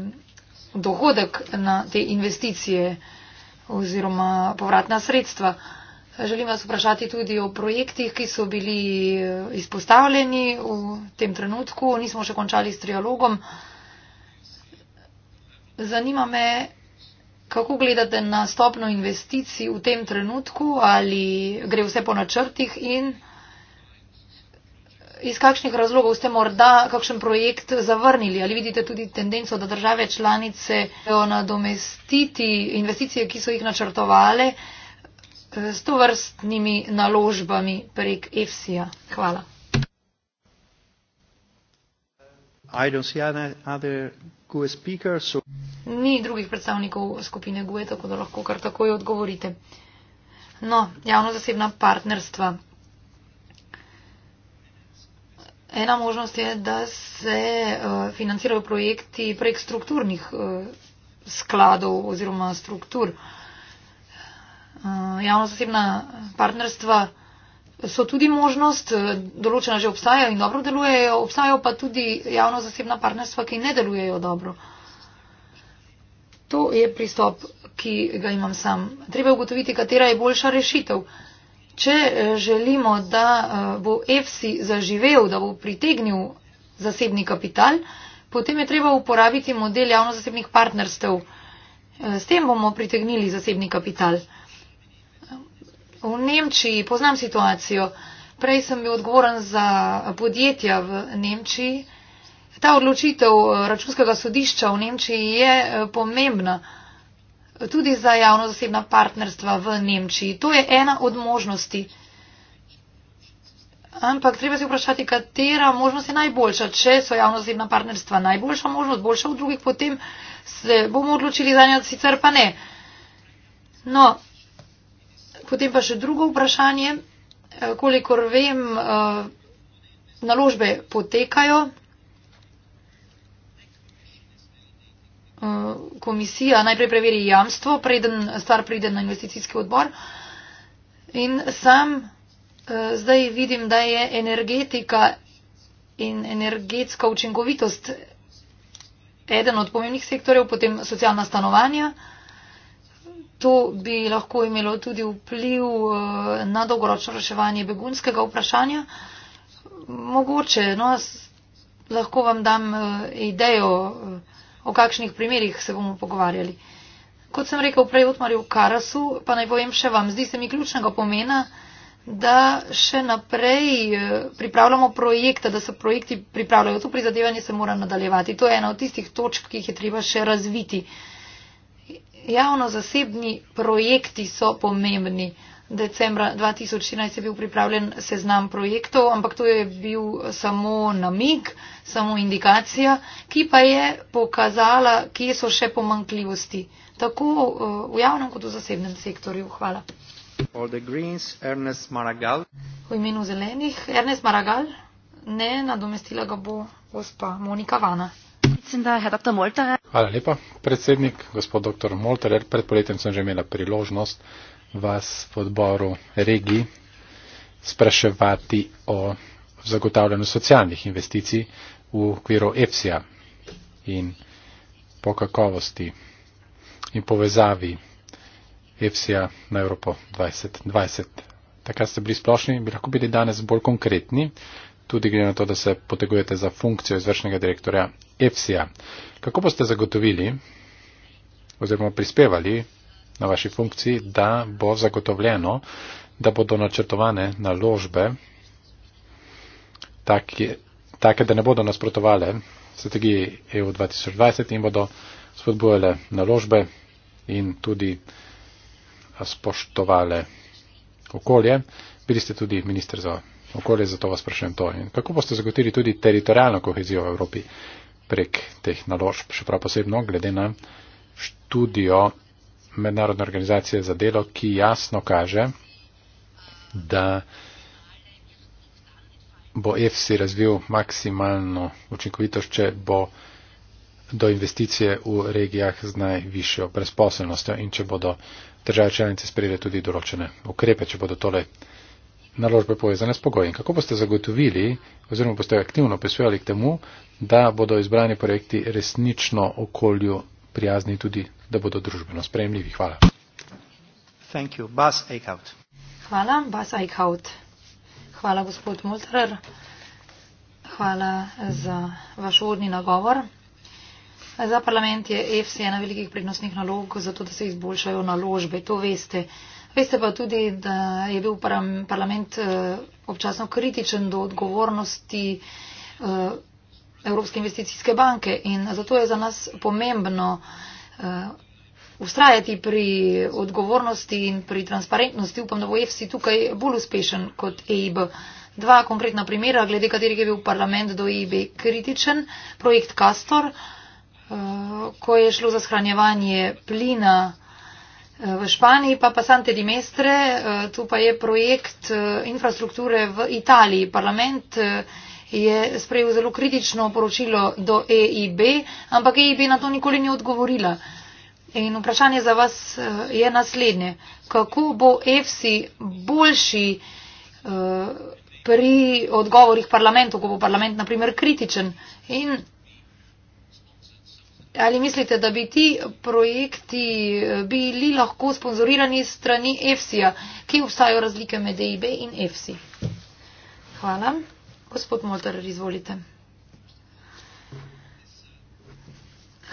dohodek na te investicije oziroma povratna sredstva. Želim vas vprašati tudi o projektih, ki so bili uh, izpostavljeni v tem trenutku. Nismo še končali s trialogom. Zanima me, kako gledate na stopno investicij v tem trenutku, ali gre vse po načrtih in iz kakšnih razlogov ste morda kakšen projekt zavrnili? Ali vidite tudi tendenco, da države članice nadomestiti investicije, ki so jih načrtovale eh, s to vrstnimi naložbami prek EFSI-ja? Hvala. E Speaker, so... Ni drugih predstavnikov skupine GUE, tako da lahko kar takoj odgovorite. No, javno-zasebna partnerstva. Ena možnost je, da se eh, financirajo projekti prek strukturnih eh, skladov oziroma struktur. Eh, javno-zasebna partnerstva so tudi možnost, določena že obstajajo in dobro delujejo, obstajajo pa tudi javno-zasebna partnerstva, ki ne delujejo dobro. To je pristop, ki ga imam sam. Treba je ugotoviti, katera je boljša rešitev če eh, želimo, da eh, bo EFSI zaživel, da bo pritegnil zasebni kapital, potem je treba uporabiti model javno-zasebnih partnerstev. Eh, s tem bomo pritegnili zasebni kapital. V Nemčiji poznam situacijo. Prej sem bil odgovoren za podjetja v Nemčiji. Ta odločitev računskega sodišča v Nemčiji je pomembna tudi za javno-zasebna partnerstva v Nemčiji. To je ena od možnosti. Ampak treba se vprašati, katera možnost je najboljša. Če so javno-zasebna partnerstva najboljša možnost, boljša od drugih, potem se bomo odločili za njo, sicer pa ne. No, potem pa še drugo vprašanje. Kolikor vem, eh, naložbe potekajo. Eh, komisija najprej preveri jamstvo, preden stvar pride na investicijski odbor. In sam eh, zdaj vidim, da je energetika in energetska učinkovitost eden od pomembnih sektorjev, potem socialna stanovanja. To bi lahko imelo tudi vpliv eh, na dolgoročno reševanje begunskega vprašanja. Mogoče, no, lahko vam dam idejo o kakšnih primerjih se bomo pogovarjali. Kot sem rekel prej, odmarju Karasu, pa naj povem še vam, zdi se mi ključnega pomena, da še naprej eh, pripravljamo projekte, da se projekti pripravljajo. To prizadevanje se mora nadaljevati. To je ena od tistih točk, ki jih je treba še razviti. Javno-zasebni projekti so pomembni decembra 2014 je bil pripravljen seznam projektov, ampak to je bil samo namig, samo indikacija, ki pa je pokazala, kje so še pomankljivosti, tako eh, v javnem kot v zasebnem sektorju. Hvala. Greens, v imenu zelenih, Ernest Maragal, ne, nadomestila ga bo gospa Monika Vana. Hvala lepa, predsednik, gospod dr. Molter, pred poletjem sem že imela priložnost vas v odboru regiji spraševati o zagotavljanju socialnih investicij v okviru EPSIA in po kakovosti in povezavi EPSIA na Evropo 2020. Takrat ste bili splošni, bi lahko bili danes bolj konkretni, tudi glede na to, da se potegujete za funkcijo izvršnega direktorja EPSIA. Kako boste zagotovili oziroma prispevali na vaši funkciji, da bo zagotovljeno, da bodo načrtovane naložbe take, take da ne bodo nasprotovale strategiji EU 2020 in bodo spodbujale naložbe in tudi spoštovale okolje. Bili ste tudi minister za okolje, zato vas sprašujem to. In kako boste zagotili tudi teritorijalno kohezijo v Evropi prek teh naložb, še prav posebno glede na študijo Mednarodne organizacije za delo, ki jasno kaže, da bo EFSI razvil maksimalno učinkovitost, če bo do investicije v regijah z najvišjo brezposelnostjo in če bodo države članice sprejeli tudi določene ukrepe, če bodo tole naložbe povezane s pogoji. Kako boste zagotovili oziroma boste aktivno prispevali k temu, da bodo izbrani projekti resnično okolju prijazni tudi da bodo družbeno sprejemljivi. Hvala. Hvala, Bas Eichhout. Hvala, gospod Multrer. Hvala za vaš urni nagovor. Za parlament je EFSI ena velikih prednostnih nalog, zato da se izboljšajo naložbe. To veste. Veste pa tudi, da je bil parlament eh, občasno kritičen do odgovornosti eh, Evropske investicijske banke in zato je za nas pomembno, Eh, ustrajati pri odgovornosti in pri transparentnosti. Upam, da bo EFSI tukaj bolj uspešen kot EIB. Dva konkretna primera, glede katerih je bil parlament do EIB kritičen. Projekt Castor, eh, ko je šlo za shranjevanje plina eh, v Španiji, pa pa Sante di Mestre, tu pa je projekt infrastrukture v Italiji. Parlament je sprejel zelo kritično poročilo do EIB, ampak EIB na to nikoli ni odgovorila. In vprašanje za vas eh, je naslednje. Kako bo EFSI boljši eh, pri odgovorih parlamentu, ko bo parlament naprimer kritičen? In ali mislite, da bi ti projekti eh, bili lahko sponzorirani strani EFSI-ja, ki obstajajo razlike med EIB in EFSI? Hvala. Gospod Molter, izvolite.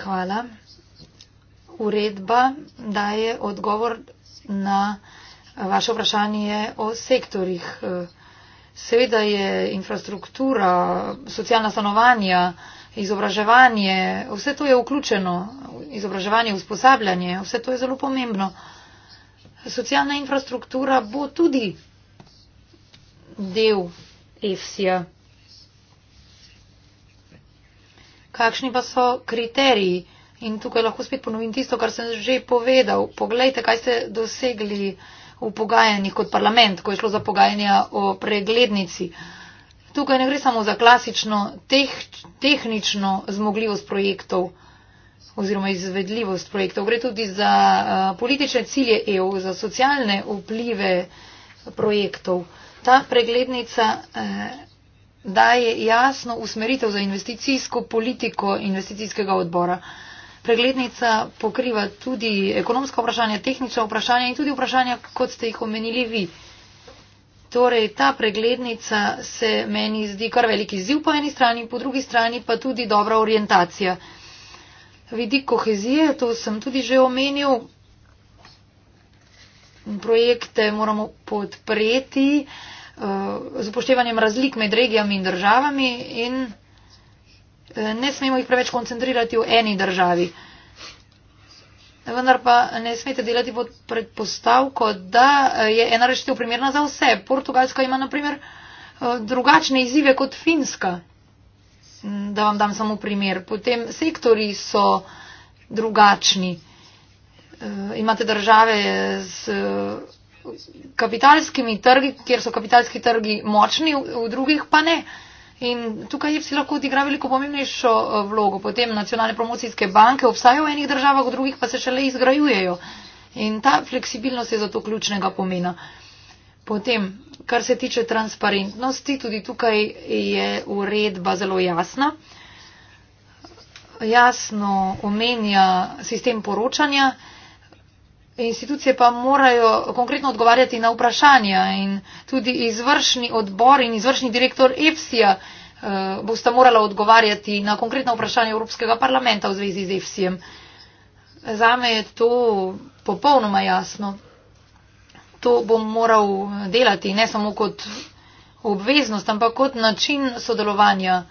Hvala. Uredba daje odgovor na vaše vprašanje o sektorjih. Seveda je infrastruktura, socialna stanovanja, izobraževanje, vse to je vključeno, izobraževanje, usposabljanje, vse to je zelo pomembno. Socialna infrastruktura bo tudi del ESIA. Kakšni pa so kriteriji? In tukaj lahko spet ponovim tisto, kar sem že povedal. Poglejte, kaj ste dosegli v pogajanjih kot parlament, ko je šlo za pogajanja o preglednici. Tukaj ne gre samo za klasično teh, tehnično zmogljivost projektov oziroma izvedljivost projektov. Gre tudi za uh, politične cilje EU, za socialne vplive projektov. Uh, Ta preglednica eh, daje jasno usmeritev za investicijsko politiko investicijskega odbora. Preglednica pokriva tudi ekonomska vprašanja, tehnična vprašanja in tudi vprašanja, kot ste jih omenili vi. Torej, ta preglednica se meni zdi kar veliki ziv po eni strani, po drugi strani pa tudi dobra orientacija. Vidik kohezije, to sem tudi že omenil, projekte moramo podpreti eh, z upoštevanjem razlik med regijami in državami in eh, ne smemo jih preveč koncentrirati v eni državi. Vendar pa ne smete delati pod predpostavko, da eh, je ena rešitev primerna za vse. Portugalska ima na primer drugačne izzive kot Finska. Da vam dam samo primer. Potem sektori so drugačni uh, imate države z uh, kapitalskimi trgi, kjer so kapitalski trgi močni, v, v drugih pa ne. In tukaj je psi lahko odigra veliko pomembnejšo eh, vlogo. Potem nacionalne promocijske banke obstajajo v enih državah, v drugih pa se šele izgrajujejo. In ta fleksibilnost je zato ključnega pomena. Potem, kar se tiče transparentnosti, tudi tukaj je uredba zelo jasna. Jasno omenja sistem poročanja institucije pa morajo konkretno odgovarjati na vprašanja in tudi izvršni odbor in izvršni direktor EFSI-ja eh, bosta morala odgovarjati na konkretno vprašanje Evropskega parlamenta v zvezi z EFSI-jem. Zame je to popolnoma jasno. To bom moral delati ne samo kot obveznost, ampak kot način sodelovanja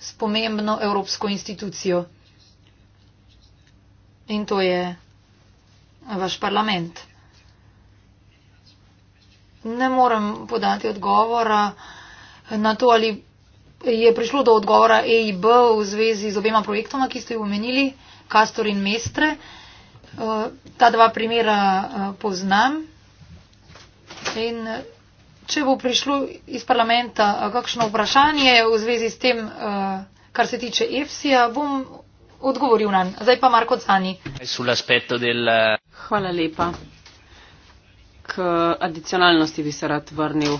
s pomembno evropsko institucijo. In to je vaš parlament. Ne morem podati odgovora na to, ali je prišlo do odgovora EIB v zvezi z obema projektoma, ki ste jih omenili, Kastor in Mestre. Eh, ta dva primera eh, poznam. In eh, če bo prišlo iz parlamenta kakšno vprašanje v zvezi s tem, kar se tiče EFSI-ja, bom odgovoril na njega. Zdaj pa Marko Cani. Hvala lepa. K adicionalnosti bi se rad vrnil.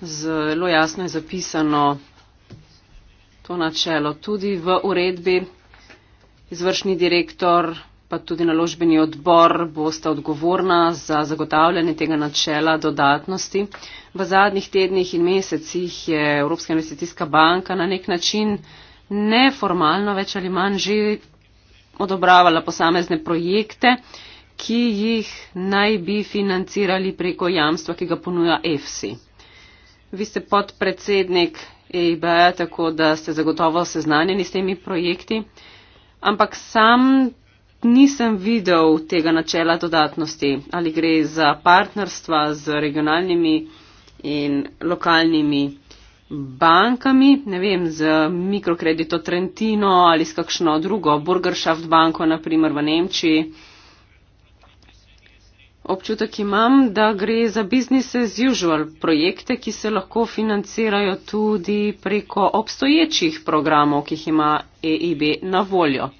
Zelo jasno je zapisano to načelo. Tudi v uredbi izvršni direktor, pa tudi naložbeni odbor bosta odgovorna za zagotavljanje tega načela dodatnosti. V zadnjih tednih in mesecih je Evropska investicijska banka na nek način neformalno več ali manj že odobravala posamezne projekte, ki jih naj bi financirali preko jamstva, ki ga ponuja EFSI. Vi ste podpredsednik EIB-a, tako da ste zagotovo seznanjeni s temi projekti, ampak sam nisem videl tega načela dodatnosti, ali gre za partnerstva z regionalnimi in lokalnimi projekti bankami, ne vem, z mikrokredito Trentino ali s kakšno drugo, Burgerschaft banko, naprimer v Nemčiji. Občutek imam, da gre za business as usual projekte, ki se lahko financirajo tudi preko obstoječih programov, ki jih ima EIB na voljo.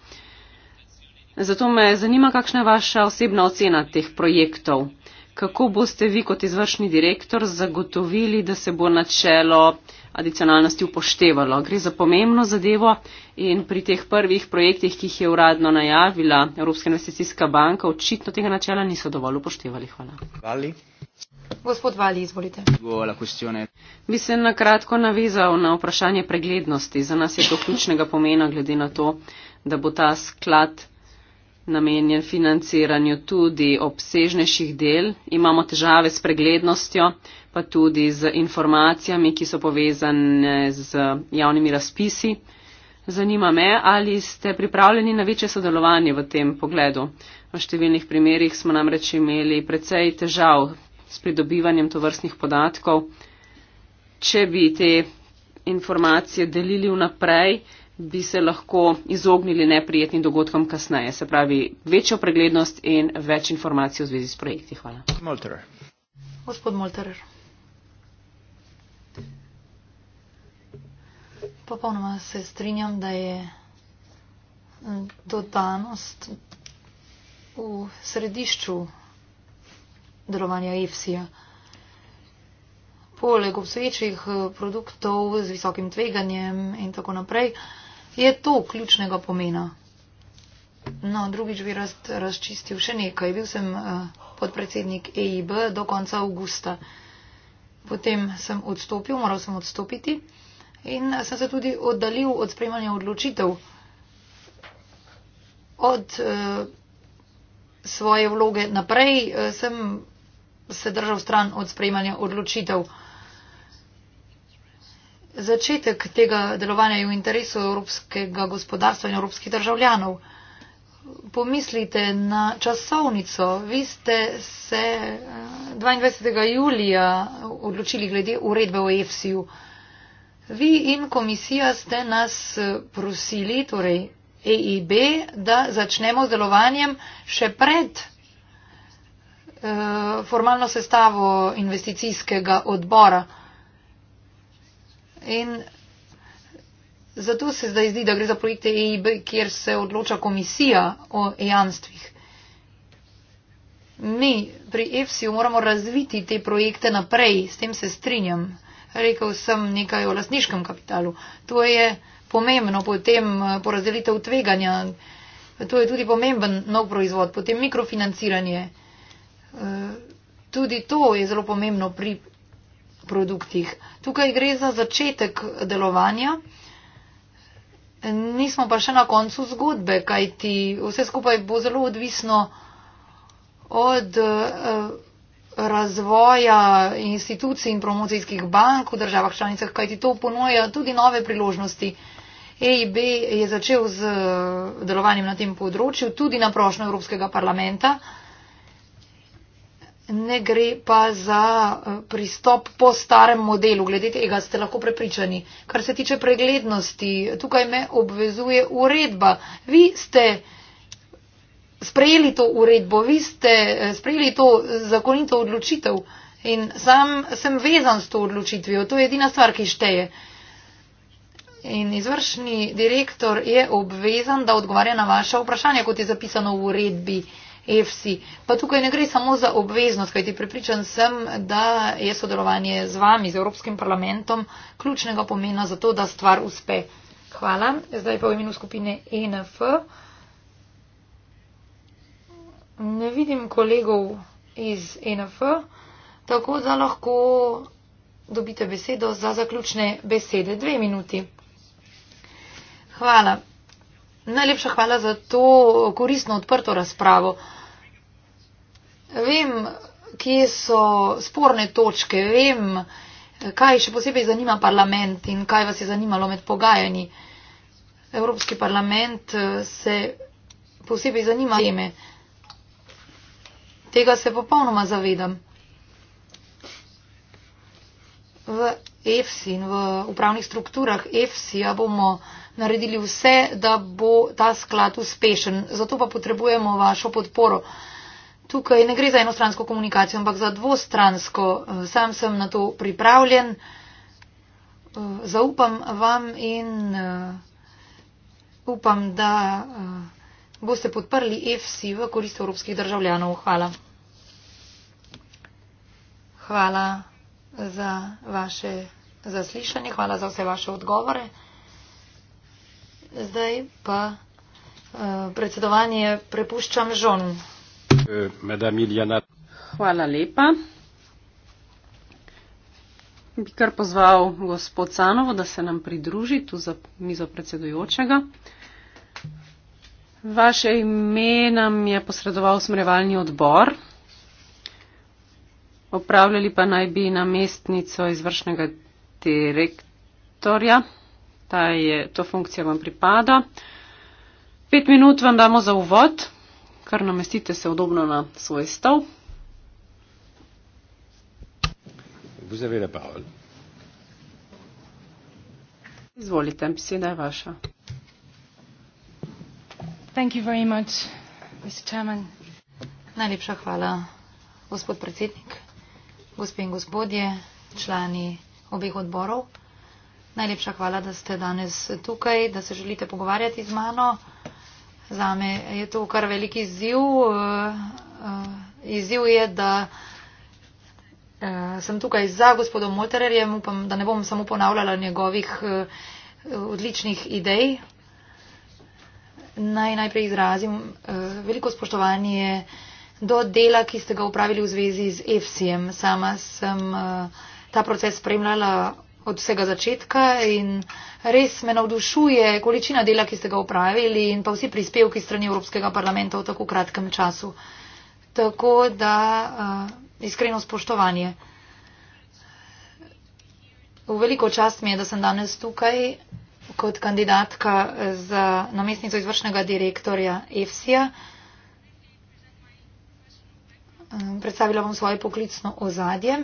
Zato me zanima, kakšna je vaša osebna ocena teh projektov kako boste vi kot izvršni direktor zagotovili, da se bo načelo adicionalnosti upoštevalo. Gre za pomembno zadevo in pri teh prvih projektih, ki jih je uradno najavila Evropska investicijska banka, očitno tega načela niso dovolj upoštevali. Hvala. Vali. Gospod Vali, izvolite. Hvala, Bi se na kratko navezal na vprašanje preglednosti. Za nas je to ključnega pomena glede na to, da bo ta sklad namenjen financiranju tudi obsežnejših del, imamo težave s preglednostjo, pa tudi z informacijami, ki so povezane z javnimi razpisi. Zanima me, ali ste pripravljeni na večje sodelovanje v tem pogledu. V številnih primerjih smo namreč imeli precej težav s pridobivanjem tovrstnih podatkov. Če bi te informacije delili vnaprej, bi se lahko izognili neprijetnim dogodkom kasneje. Se pravi, večjo preglednost in več informacij v zvezi s projekti. Hvala. Molterer. Gospod Molterer. Popolnoma se strinjam, da je mm, dodanost v središču delovanja IFSI-ja. Poleg obsečih eh, produktov z visokim tveganjem in tako naprej, je to ključnega pomena. No, drugič bi raz, razčistil še nekaj. Bil sem uh, podpredsednik EIB do konca avgusta. Potem sem odstopil, moral sem odstopiti in sem se tudi oddaljil od sprejmanja odločitev, od uh, svoje vloge naprej uh, sem se držal stran od sprejmanja odločitev. Uh, začetek tega delovanja je v interesu evropskega gospodarstva in evropskih državljanov. Pomislite na časovnico. Vi ste se 22. Eh, julija odločili glede uredbe o EFSI-ju. Vi in komisija ste nas eh, prosili, torej EIB, da začnemo z delovanjem še pred eh, formalno sestavo investicijskega odbora. In zato se zdaj zdi, da gre za projekte EIB, kjer se odloča komisija o janstvih. Mi pri EFSI-u moramo razviti te projekte naprej, s tem se strinjam. Rekel sem nekaj o lasniškem kapitalu. To je pomembno, potem eh, porazdelitev tveganja, to je tudi pomemben nov proizvod, potem mikrofinanciranje. Eh, tudi to je zelo pomembno pri produktih. Tukaj gre za začetek delovanja. Nismo pa še na koncu zgodbe, kaj ti vse skupaj bo zelo odvisno od eh, razvoja institucij in promocijskih bank v državah članicah, kaj ti to ponuja tudi nove priložnosti. EIB je začel z eh, delovanjem na tem področju, tudi na prošnjo Evropskega parlamenta ne gre pa za eh, pristop po starem modelu, glede tega ste lahko prepričani. Kar se tiče preglednosti, tukaj me obvezuje uredba. Vi ste sprejeli to uredbo, vi ste eh, sprejeli to zakonito odločitev in sam sem vezan s to odločitvijo, to je edina stvar, ki šteje. In izvršni direktor je obvezan, da odgovarja na vaše vprašanje, kot je zapisano v uredbi. EFC. Pa tukaj ne gre samo za obveznost, kajti pripričan sem, da je sodelovanje z vami, z Evropskim parlamentom, ključnega pomena za to, da stvar uspe. Hvala. Zdaj pa v imenu skupine ENF. Ne vidim kolegov iz ENF, tako da lahko dobite besedo za zaključne besede. Dve minuti. Hvala. Najlepša hvala za to koristno odprto razpravo. Vem, kje so sporne točke, vem, kaj še posebej zanima parlament in kaj vas je zanimalo med pogajanji. Evropski parlament eh, se posebej zanima teme. Tega se popolnoma zavedam. V EFSI in v upravnih strukturah EFSI-ja bomo naredili vse, da bo ta sklad uspešen. Zato pa potrebujemo vašo podporo tukaj ne gre za enostransko komunikacijo, ampak za dvostransko. Eh, sam sem na to pripravljen, eh, zaupam vam in eh, upam, da boste podprli EFSI v korist evropskih državljanov. Hvala. Hvala za vaše zaslišanje, hvala za vse vaše odgovore. Zdaj pa uh, predsedovanje prepuščam žonu. Hvala lepa. Bi kar pozval gospod Canovo, da se nam pridruži tu za mizo predsedujočega. Vaše ime nam je posredoval smrevalni odbor. Opravljali pa naj bi namestnico izvršnega direktorja. Ta je, to funkcija vam pripada. Pet minut vam damo za uvod kar namestite se udobno na svoj stav. Vous avez la parole. Izvolite, beseda je vaša. Thank you very much, Mr. Chairman. Najlepša hvala, gospod predsednik, gospe in gospodje, člani obeh odborov. Najlepša hvala, da ste danes tukaj, da se želite pogovarjati z mano. Uh, Zame je to kar velik izziv. Uh, uh, izziv je, da uh, sem tukaj za gospodom Motererjem, upam, da ne bom samo ponavljala njegovih uh, odličnih idej. Naj najprej izrazim uh, veliko spoštovanje do dela, ki ste ga upravili v zvezi z EFSI-em. Sama sem uh, ta proces spremljala od vsega začetka in res me navdušuje količina dela, ki ste ga upravili in pa vsi prispevki strani Evropskega parlamenta v tako kratkem času. Tako da uh, iskreno spoštovanje. V veliko čast mi je, da sem danes tukaj kot kandidatka za namestnico izvršnega direktorja EFSI-a. Eh, predstavila bom svoje poklicno ozadje.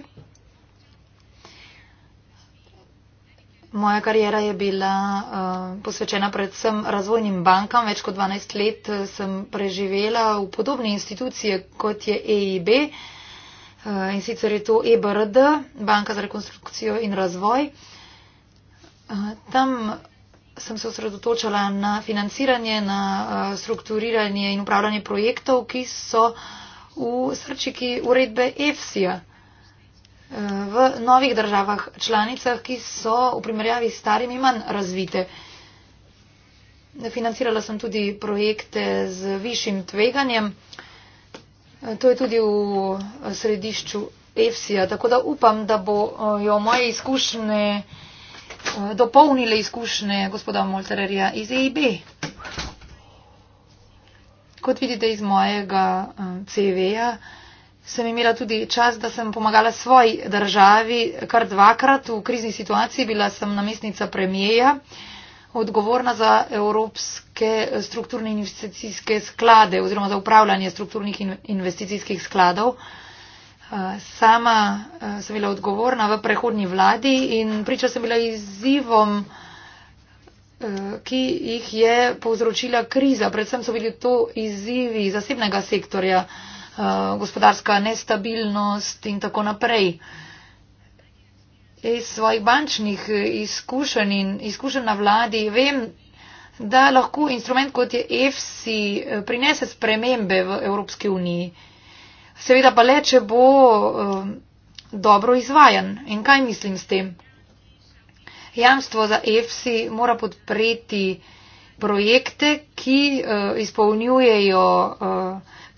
Moja karjera je bila uh, posvečena predvsem razvojnim bankam. Več kot 12 let eh, sem preživela v podobni instituciji kot je EIB uh, eh, in sicer je to EBRD, Banka za rekonstrukcijo in razvoj. Uh, tam sem se osredotočala na financiranje, na uh, strukturiranje in upravljanje projektov, ki so v srčiki uredbe EFSI-a v novih državah članicah, ki so v primerjavi s starimi manj razvite. Financirala sem tudi projekte z višjim tveganjem. To je tudi v eh, središču EFSI-ja, tako da upam, da bojo moje izkušnje eh, dopolnile izkušnje gospoda Molterja iz EIB. Kot vidite iz mojega eh, CV-ja, sem imela tudi čas, da sem pomagala svoji državi kar dvakrat v krizni situaciji. Bila sem namestnica premijeja, odgovorna za evropske strukturne investicijske sklade oziroma za upravljanje strukturnih investicijskih skladov. Eh, sama eh, sem bila odgovorna v prehodni vladi in priča sem bila izzivom eh, ki jih je povzročila kriza. Predvsem so bili to izzivi zasebnega sektorja, Eh, gospodarska nestabilnost in tako naprej. Iz svojih bančnih izkušenj in izkušenj na vladi vem, da lahko instrument kot je EFSI eh, prinese spremembe v Evropski uniji. Seveda pa le, če bo eh, dobro izvajan. In kaj mislim s tem? Jamstvo za EFSI mora podpreti projekte, ki izpolnjujejo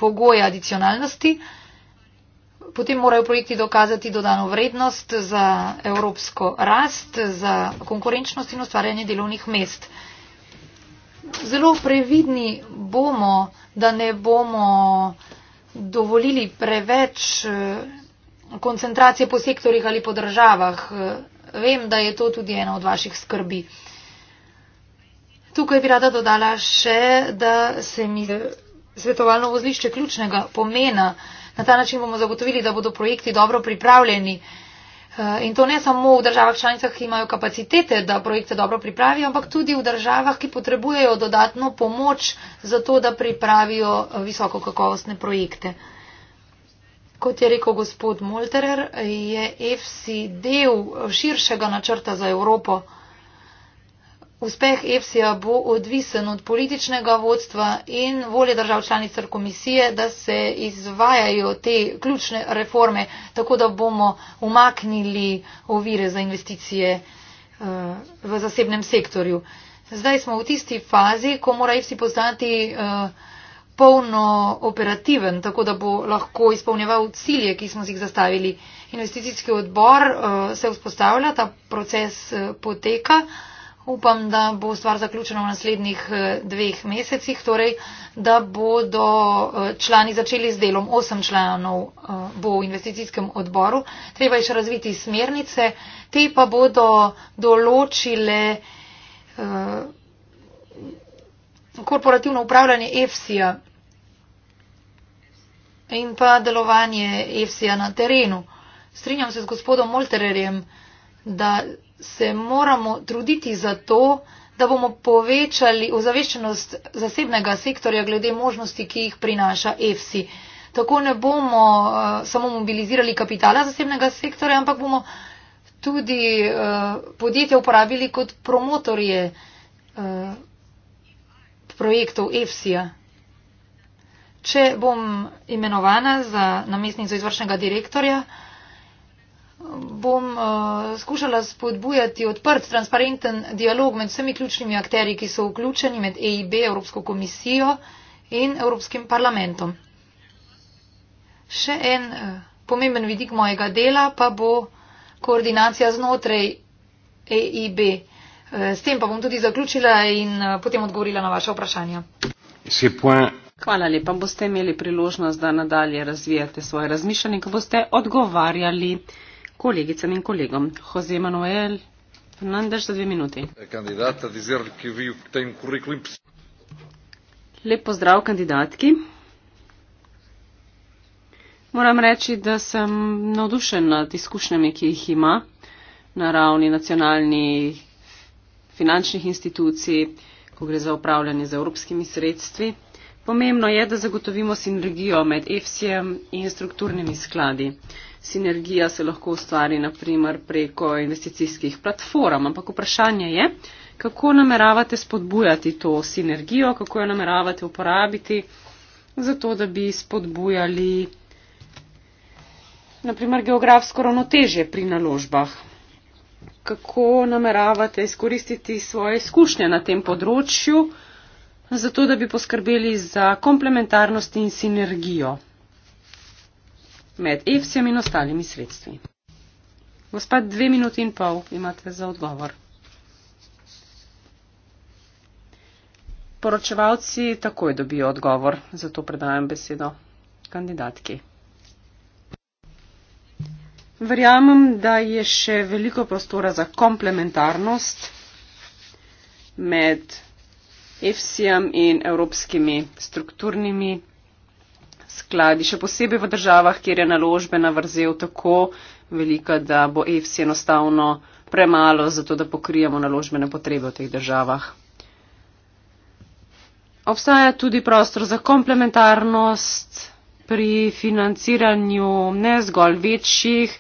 pogoje adicionalnosti. Potem morajo projekti dokazati dodano vrednost za evropsko rast, za konkurenčnost in ustvarjanje delovnih mest. Zelo previdni bomo, da ne bomo dovolili preveč eh, koncentracije po sektorjih ali po državah. Eh, vem, da je to tudi ena od vaših skrbi. Tukaj bi rada dodala še, da se mi svetovalno vozlišče ključnega pomena. Na ta način bomo zagotovili, da bodo projekti dobro pripravljeni. Eh, in to ne samo v državah članicah, ki imajo kapacitete, da projekte dobro pripravijo, ampak tudi v državah, ki potrebujejo dodatno pomoč za to, da pripravijo visoko kakovostne projekte. Kot je rekel gospod Molterer, je FC del širšega načrta za Evropo. Uspeh EPSI-ja bo odvisen od političnega vodstva in volje držav članic ter komisije, da se izvajajo te ključne reforme, tako da bomo umaknili ovire za investicije eh, v zasebnem sektorju. Zdaj smo v tisti fazi, ko mora EPSI postati eh, polno operativen, tako da bo lahko izpolnjeval cilje, ki smo si jih zastavili. Investicijski odbor eh, se vzpostavlja, ta proces poteka. Upam, da bo stvar zaključena v naslednjih eh, dveh mesecih, torej, da bodo eh, člani začeli z delom. Osem članov eh, bo v investicijskem odboru. Treba je še razviti smernice, te pa bodo določile korporativno upravljanje EFSI-ja in pa delovanje EFSI-ja na terenu. Strinjam se z gospodom Moltererjem, da se moramo truditi za to, da bomo povečali ozaveščenost zasebnega sektorja glede možnosti, ki jih prinaša EFSI. Tako ne bomo uh, samo mobilizirali kapitala zasebnega sektorja, ampak bomo tudi uh, podjetja uporabili kot promotorje uh, projektov EFSI-ja. Če bom imenovana za namestnico izvršnega direktorja, uh, bom uh, skušala spodbujati odprt, transparenten dialog med vsemi ključnimi akteri, ki so vključeni med EIB, Evropsko komisijo in Evropskim parlamentom. Še en uh, pomemben vidik mojega dela pa bo koordinacija znotraj EIB. Eh, s tem pa bom tudi zaključila in potem odgovorila na vaše vprašanje. Hvala lepa. Boste imeli priložnost, da nadalje razvijate svoje razmišljanje, ko boste odgovarjali kolegicam in kolegom. Jose Manuel Fernandez za dve minuti. Eh, Lep pozdrav kandidatki. Moram reči, da sem navdušen nad izkušnjami, ki jih ima na ravni nacionalnih finančnih institucij, ko gre za upravljanje z evropskimi sredstvi. Pomembno je, da zagotovimo sinergijo med EFSI-jem in strukturnimi skladi sinergija se lahko ustvari naprimer preko investicijskih platform. Ampak vprašanje je, kako nameravate spodbujati to sinergijo, kako jo nameravate uporabiti za to, da bi spodbujali naprimer geografsko ravnotežje pri naložbah. Kako nameravate izkoristiti svoje izkušnje na tem področju, zato da bi poskrbeli za komplementarnost in sinergijo med EFSEM in ostalimi sredstvi. Gospod, dve minuti in pol imate za odgovor. Poročevalci takoj dobijo odgovor, zato predajam besedo kandidatki. Verjamem, da je še veliko prostora za komplementarnost med EFSEM in evropskimi strukturnimi skladi, še posebej v državah, kjer je naložbe navrzel tako velika, da bo EFSI enostavno premalo za to, da pokrijemo naložbene potrebe v teh državah. Obstaja tudi prostor za komplementarnost pri financiranju ne zgolj večjih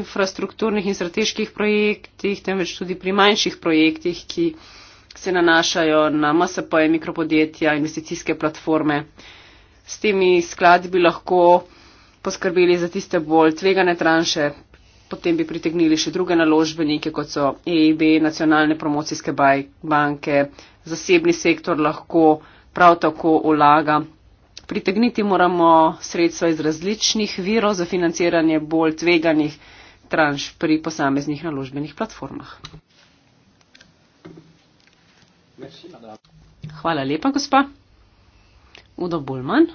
infrastrukturnih in strateških projektih, temveč tudi pri manjših projektih, ki se nanašajo na MSP-je, mikropodjetja, investicijske platforme s temi skladbi lahko poskrbeli za tiste bolj tvegane tranše, potem bi pritegnili še druge naložbenike, kot so EIB, nacionalne promocijske banke, zasebni sektor lahko prav tako ulaga. Pritegniti moramo sredstva iz različnih virov za financiranje bolj tveganih tranš pri posameznih naložbenih platformah. Hvala lepa, gospa. Udo Bulman,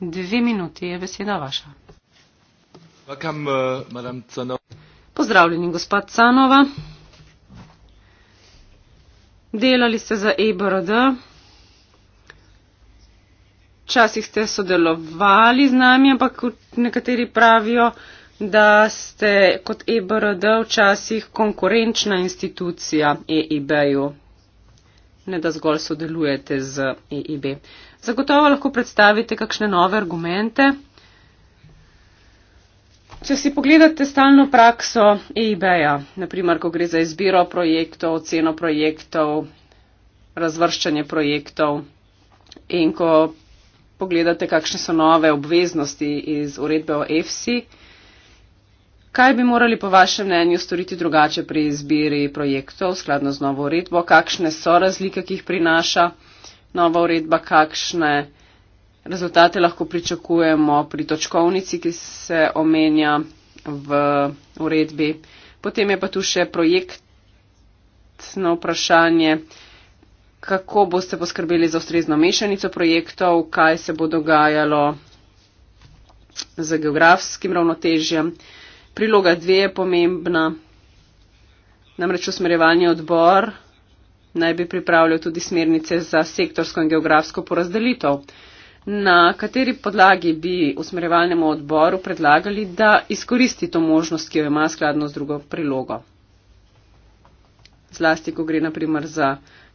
dve minuti je beseda vaša. Uh, Pozdravljeni, gospod Canova. Delali ste za EBRD. Včasih ste sodelovali z nami, ampak nekateri pravijo, da ste kot EBRD včasih konkurenčna institucija EIB-ju ne da zgolj sodelujete z EIB. Zagotovo lahko predstavite kakšne nove argumente. Če si pogledate stalno prakso EIB-ja, naprimer, ko gre za izbiro projektov, ceno projektov, razvrščanje projektov in ko pogledate, kakšne so nove obveznosti iz uredbe o EFSI, Kaj bi morali po vašem mnenju storiti drugače pri izbiri projektov skladno z novo uredbo? Kakšne so razlike, ki jih prinaša nova uredba? Kakšne rezultate lahko pričakujemo pri točkovnici, ki se omenja v uredbi? Potem je pa tu še projektno vprašanje, kako boste poskrbeli za ustrezno mešanico projektov, kaj se bo dogajalo z geografskim ravnotežjem. Priloga dve je pomembna, namreč usmerjevalni odbor naj bi pripravljal tudi smernice za sektorsko in geografsko porazdelitev, na kateri podlagi bi usmerjevalnemu odboru predlagali, da izkoristi to možnost, ki jo ima skladno z drugo prilogo. Zlasti, ko gre naprimer za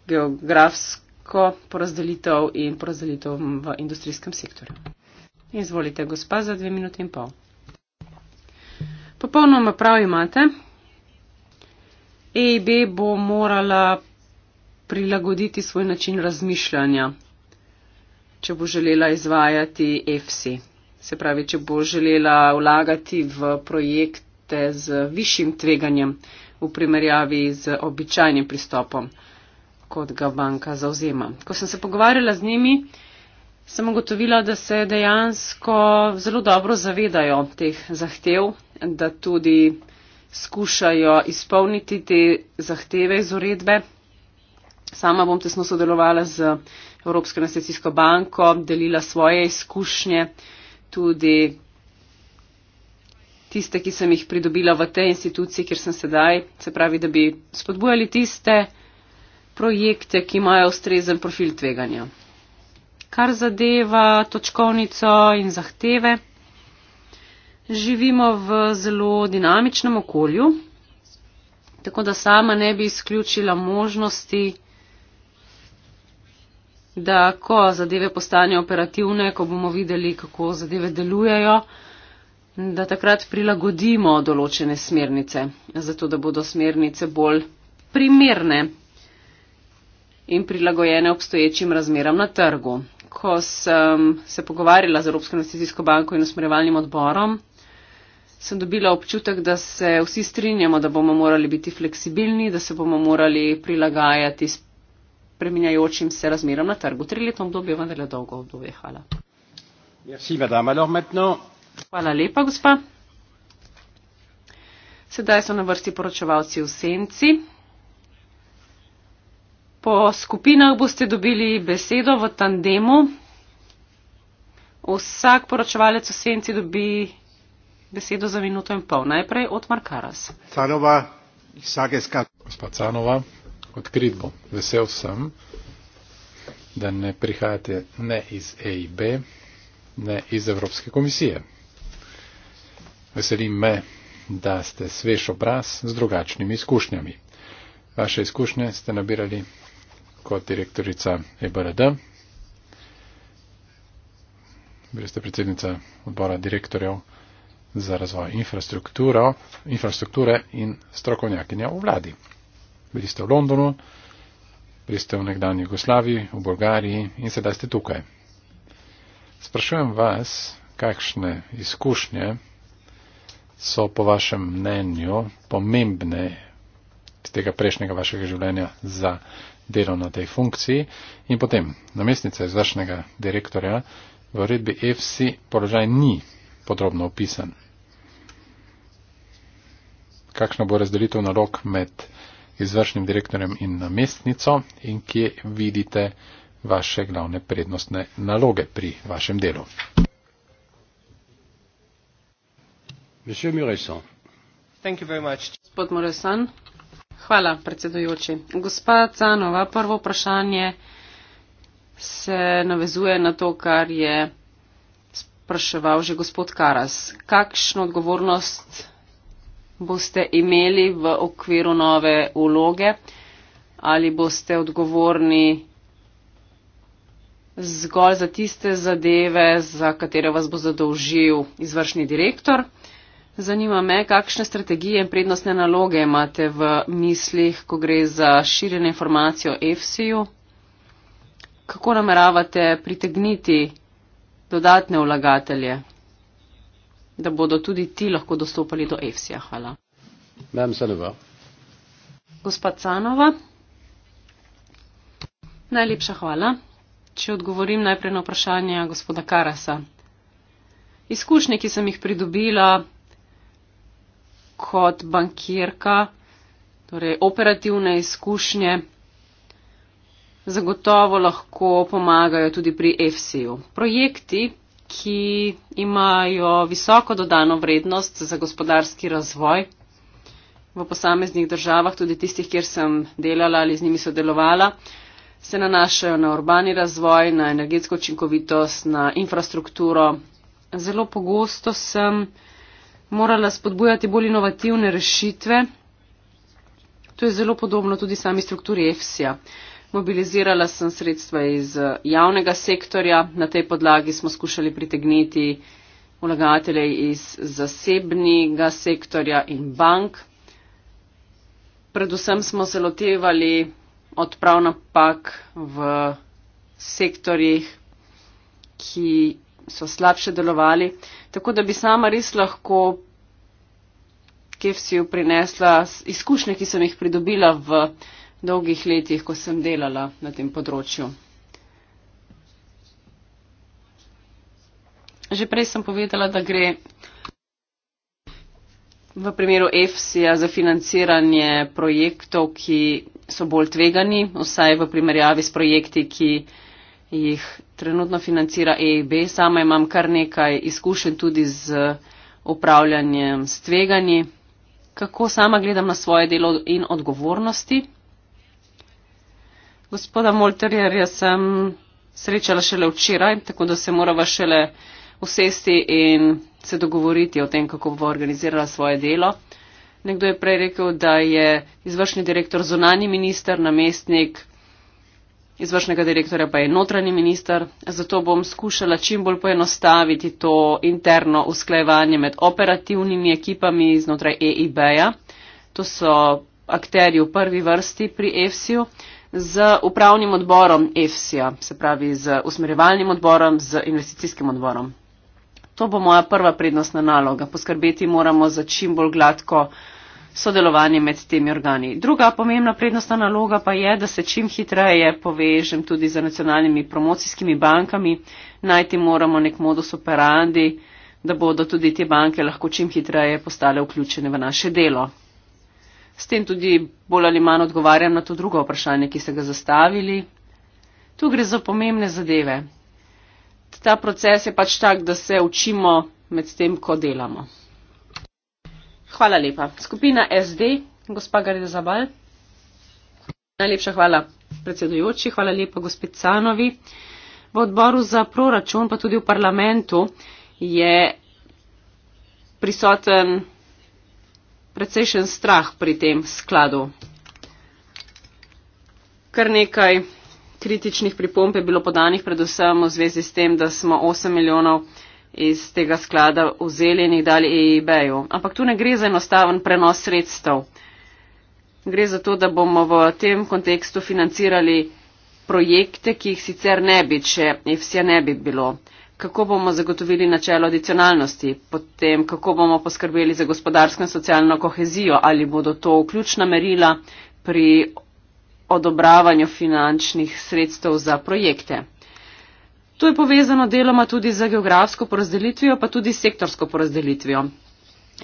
geografsko porazdelitev in porazdelitev v industrijskem sektorju. Izvolite, gospa, za dve minuti in pol. Popolnoma prav imate. EIB bo morala prilagoditi svoj način razmišljanja, če bo želela izvajati EFSI. Se pravi, če bo želela vlagati v projekte z višjim tveganjem v primerjavi z običajnim pristopom, kot ga banka zauzema. Ko sem se pogovarjala z njimi, sem ugotovila, da se dejansko zelo dobro zavedajo teh zahtev da tudi skušajo izpolniti te zahteve iz uredbe. Sama bom tesno sodelovala z Evropsko investicijsko banko, delila svoje izkušnje, tudi tiste, ki sem jih pridobila v tej instituciji, kjer sem sedaj, se pravi, da bi spodbujali tiste projekte, ki imajo ustrezen profil tveganja. Kar zadeva točkovnico in zahteve živimo v zelo dinamičnem okolju, tako da sama ne bi izključila možnosti, da ko zadeve postanejo operativne, ko bomo videli, kako zadeve delujejo, da takrat prilagodimo določene smernice, zato da bodo smernice bolj primerne in prilagojene obstoječim razmeram na trgu. Ko sem se pogovarjala z Evropsko investicijsko banko in usmerjevalnim odborom, sem dobila občutek, da se vsi strinjamo, da bomo morali biti fleksibilni, da se bomo morali prilagajati s preminjajočim se razmeram na trgu. Triletno obdobje je vendarle dolgo obdobje. Hvala. Merci, madame, Hvala lepa, gospa. Sedaj so na vrsti poročevalci v senci. Po skupinah boste dobili besedo v tandemu. Vsak poročevalec v senci dobi besedo za minuto in pol. Najprej Otmar Karas. Canova, Sageska. Gospod Canova, odkrit bom. Vesel sem, da ne prihajate ne iz EIB, ne iz Evropske komisije. Veselim me, da ste svež obraz z drugačnimi izkušnjami. Vaše izkušnje ste nabirali kot direktorica EBRD. Bili ste predsednica odbora direktorjev za razvoj infrastrukture in strokovnjakinja v vladi. Bili ste v Londonu, bili ste v nekdanji Jugoslaviji, v Bolgariji in sedaj ste tukaj. Sprašujem vas, kakšne izkušnje so po vašem mnenju pomembne iz tega prejšnjega vašega življenja za delo na tej funkciji in potem namestnica izvršnega direktorja v redbi FC položaj ni podrobno opisan kakšna bo razdelitev nalog med izvršnim direktorjem in namestnico in kje vidite vaše glavne prednostne naloge pri vašem delu. Gospod Moresan. Hvala, predsedujoči. Gospa Canova, prvo vprašanje se navezuje na to, kar je spraševal že gospod Karas. Kakšno odgovornost boste imeli v okviru nove vloge, ali boste odgovorni zgolj za tiste zadeve, za katere vas bo zadolžil izvršni direktor. Zanima me, kakšne strategije in prednostne naloge imate v mislih, ko gre za širjenje informacij o EFSI-ju. Kako nameravate pritegniti dodatne vlagatelje? da bodo tudi ti lahko dostopali do EFSI-ja. Hvala. Gospod Canova, najlepša hvala. Če odgovorim najprej na vprašanje gospoda Karasa. Izkušnje, ki sem jih pridobila kot bankirka, torej operativne izkušnje, zagotovo lahko pomagajo tudi pri EFSI-ju. Projekti, ki imajo visoko dodano vrednost za gospodarski razvoj v posameznih državah, tudi tistih, kjer sem delala ali z njimi sodelovala, se nanašajo na urbani razvoj, na energetsko učinkovitost, na infrastrukturo. Zelo pogosto sem morala spodbujati bolj inovativne rešitve. To je zelo podobno tudi sami strukturi EFSI-ja. Uh, Mobilizirala sem sredstva iz eh, javnega sektorja, na tej podlagi smo skušali pritegniti vlagatelje iz zasebnega sektorja in bank. Predvsem smo se lotevali odprav napak v sektorjih, ki so slabše delovali, tako da bi sama res lahko Kefsiju prinesla izkušnje, ki sem jih pridobila v dolgih letih, ko sem delala na tem področju. Že prej sem povedala, da gre v primeru EFSI-ja za financiranje projektov, ki so bolj tvegani, vsaj v primerjavi s projekti, ki jih trenutno financira EIB. Sama imam kar nekaj izkušenj tudi z upravljanjem s tveganji. Kako sama gledam na svoje delo in odgovornosti? Gospoda Molterjerja sem srečala šele včeraj, tako da se morava šele usesti in se dogovoriti o tem, kako bo organizirala svoje delo. Nekdo je prej rekel, da je izvršni direktor zunani minister, namestnik izvršnega direktorja pa je notranji minister, zato bom skušala čim bolj poenostaviti to interno usklajevanje med operativnimi ekipami znotraj EIB-ja. To so akterji v prvi vrsti pri EFSI-ju z upravnim odborom EFSI-ja, se pravi z usmerjevalnim odborom, z investicijskim odborom. To bo moja prva prednostna naloga. Poskrbeti moramo za čim bolj gladko sodelovanje med temi organi. Druga pomembna prednostna naloga pa je, da se čim hitreje povežem tudi za nacionalnimi promocijskimi bankami. Najti moramo nek modus operandi, da bodo tudi te banke lahko čim hitreje postale vključene v naše delo. S tem tudi bolj ali manj odgovarjam na to drugo vprašanje, ki ste ga zastavili. Tu gre za pomembne zadeve. Ta proces je pač tak, da se učimo med tem, ko delamo. Hvala lepa. Skupina SD, gospa Garida Zabal. Najlepša hvala, predsedujoči. Hvala lepa, gospod Canovi. V odboru za proračun, pa tudi v parlamentu, je prisoten precejšen strah pri tem skladu. Kar nekaj kritičnih pripomp je bilo podanih predvsem v zvezi s tem, da smo 8 milijonov iz tega sklada vzeli in jih dali EIB-ju. Ampak tu ne gre za enostaven prenos sredstev. Gre za to, da bomo v tem kontekstu financirali projekte, ki jih sicer ne bi, če EFSI-ja ne bi bilo kako bomo zagotovili načelo adicionalnosti, potem kako bomo poskrbeli za gospodarsko in socialno kohezijo, ali bodo to vključna merila pri odobravanju finančnih sredstev za projekte. To je povezano deloma tudi za geografsko porazdelitvijo, pa tudi sektorsko porazdelitvijo.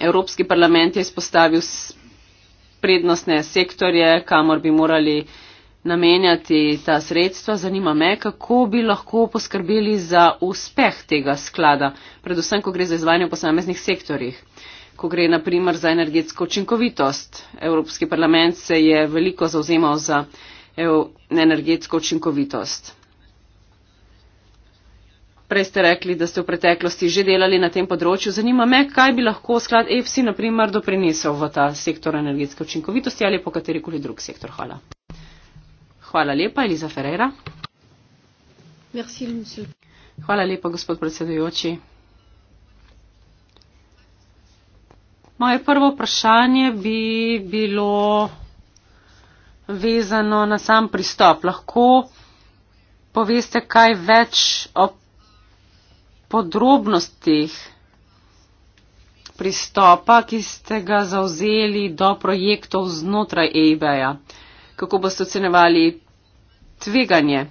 Evropski parlament je izpostavil prednostne sektorje, kamor bi morali namenjati ta sredstva. Zanima me, kako bi lahko poskrbeli za uspeh tega sklada, predvsem, ko gre za izvajanje v posameznih sektorjih. Ko gre naprimer za energetsko učinkovitost. Evropski parlament se je veliko zauzemal za energetsko učinkovitost. Prej ste rekli, da ste v preteklosti že delali na tem področju. Zanima me, kaj bi lahko sklad EFSI naprimer doprinesel v ta sektor energetske učinkovitosti ali po katerikoli drug sektor. Hvala. Hvala lepa, Eliza Ferreira. Hvala lepa, gospod predsedujoči. Moje prvo vprašanje bi bilo vezano na sam pristop. Lahko poveste kaj več o podrobnostih pristopa, ki ste ga zauzeli do projektov znotraj EIB-ja. Kako boste ocenevali tveganje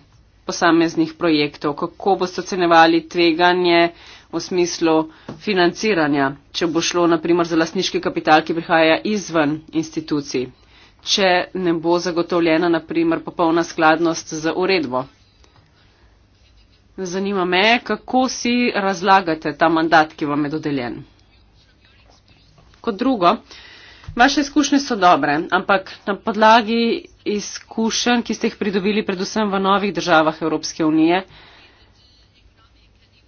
posameznih projektov, kako boste ocenevali tveganje v smislu financiranja, če bo šlo naprimer za lasniški kapital, ki prihaja izven institucij, če ne bo zagotovljena naprimer popolna skladnost z uredbo. Zanima me, kako si razlagate ta mandat, ki vam je dodeljen. Kot drugo, Vaše izkušnje so dobre, ampak na podlagi izkušenj, ki ste jih pridobili predvsem v novih državah Evropske unije,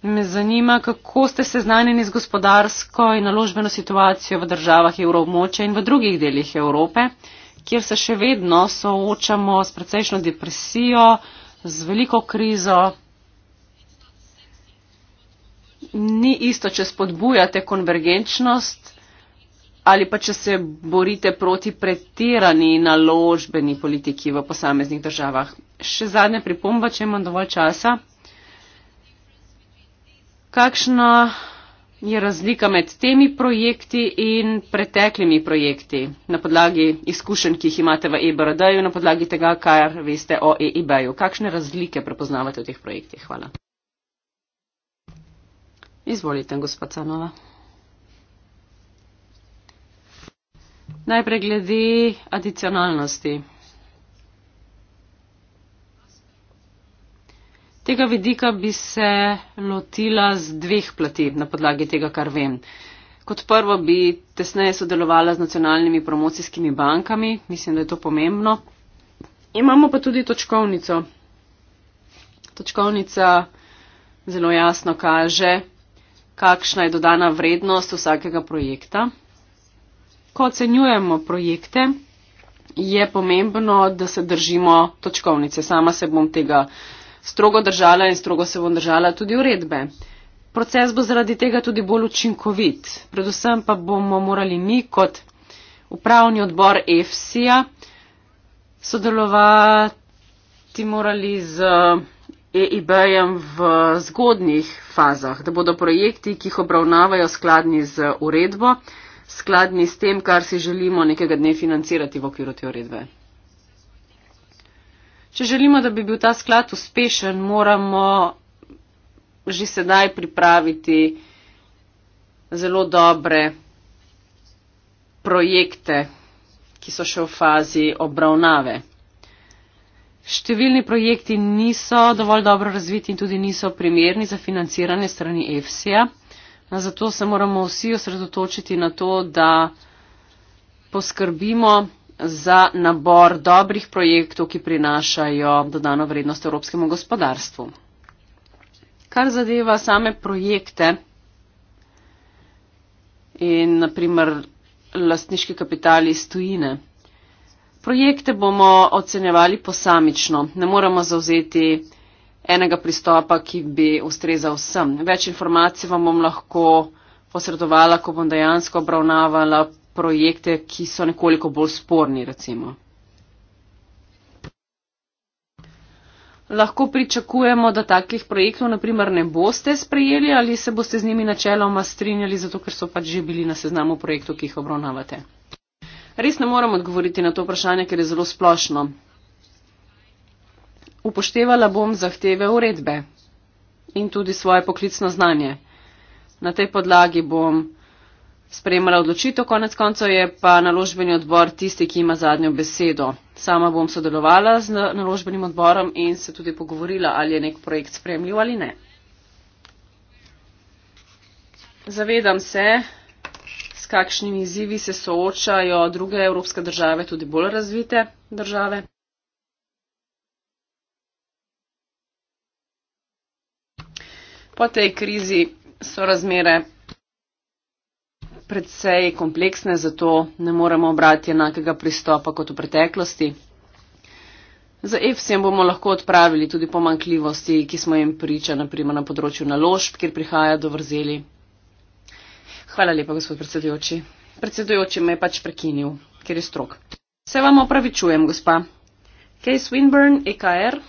me zanima, kako ste seznanjeni z gospodarsko in naložbeno situacijo v državah evroobmočja in v drugih delih Evrope, kjer se še vedno soočamo s precejšno depresijo, z veliko krizo. Ni isto, če spodbujate konvergenčnost ali pa če se borite proti pretirani naložbeni politiki v posameznih državah. Še zadnja pripomba, če imam dovolj časa. Kakšna je razlika med temi projekti in preteklimi projekti na podlagi izkušenj, ki jih imate v EBRD-ju, na podlagi tega, kar veste o EIB-ju? Kakšne razlike prepoznavate v teh projektih? Hvala. Izvolite, gospod Sanova. Najprej glede adicionalnosti. Tega vidika bi se lotila z dveh plati na podlagi tega, kar vem. Kot prvo bi tesneje sodelovala z nacionalnimi promocijskimi bankami, mislim, da je to pomembno. Imamo pa tudi točkovnico. Točkovnica zelo jasno kaže, kakšna je dodana vrednost vsakega projekta ko ocenjujemo projekte, je pomembno, da se držimo točkovnice. Sama se bom tega strogo držala in strogo se bom držala tudi uredbe. Proces bo zaradi tega tudi bolj učinkovit. Predvsem pa bomo morali mi kot upravni odbor EFSI-ja sodelovati morali z EIB-jem v zgodnih fazah, da bodo projekti, ki jih obravnavajo skladni z uredbo, skladni s tem, kar si želimo nekega dne financirati v okviru te uredbe. Če želimo, da bi bil ta sklad uspešen, moramo že sedaj pripraviti zelo dobre projekte, ki so še v fazi obravnave. Številni projekti niso dovolj dobro razviti in tudi niso primerni za financiranje strani EFSI-ja. Zato se moramo vsi osredotočiti na to, da poskrbimo za nabor dobrih projektov, ki prinašajo dodano vrednost evropskemu gospodarstvu. Kar zadeva same projekte in naprimer lastniški kapital iz tujine. Projekte bomo ocenjevali posamično. Ne moremo zauzeti enega pristopa, ki bi ustrezal vsem. Več informacij vam bom lahko posredovala, ko bom dejansko obravnavala projekte, ki so nekoliko bolj sporni, recimo. Lahko pričakujemo, da takih projektov naprimer ne boste sprejeli ali se boste z njimi načeloma strinjali, zato ker so pač že bili na seznamu projektov, ki jih obravnavate. Res ne morem odgovoriti na to vprašanje, ker je zelo splošno upoštevala bom zahteve uredbe in tudi svoje poklicno znanje. Na tej podlagi bom spremala odločitev, konec koncev je pa naložbeni odbor tisti, ki ima zadnjo besedo. Sama bom sodelovala z naložbenim odborom in se tudi pogovorila, ali je nek projekt spremljiv ali ne. Zavedam se, s kakšnimi izzivi se soočajo druge evropske države, tudi bolj razvite države. Po tej krizi so razmere predvsej kompleksne, zato ne moremo obrati enakega pristopa kot v preteklosti. Za EFSEM bomo lahko odpravili tudi pomankljivosti, ki smo jim priča, naprimer na področju naložb, kjer prihaja do vrzeli. Hvala lepa, gospod predsedujoči. Predsedujoči me je pač prekinil, ker je strok. Se vam opravičujem, gospa. Case Winburn, EKR.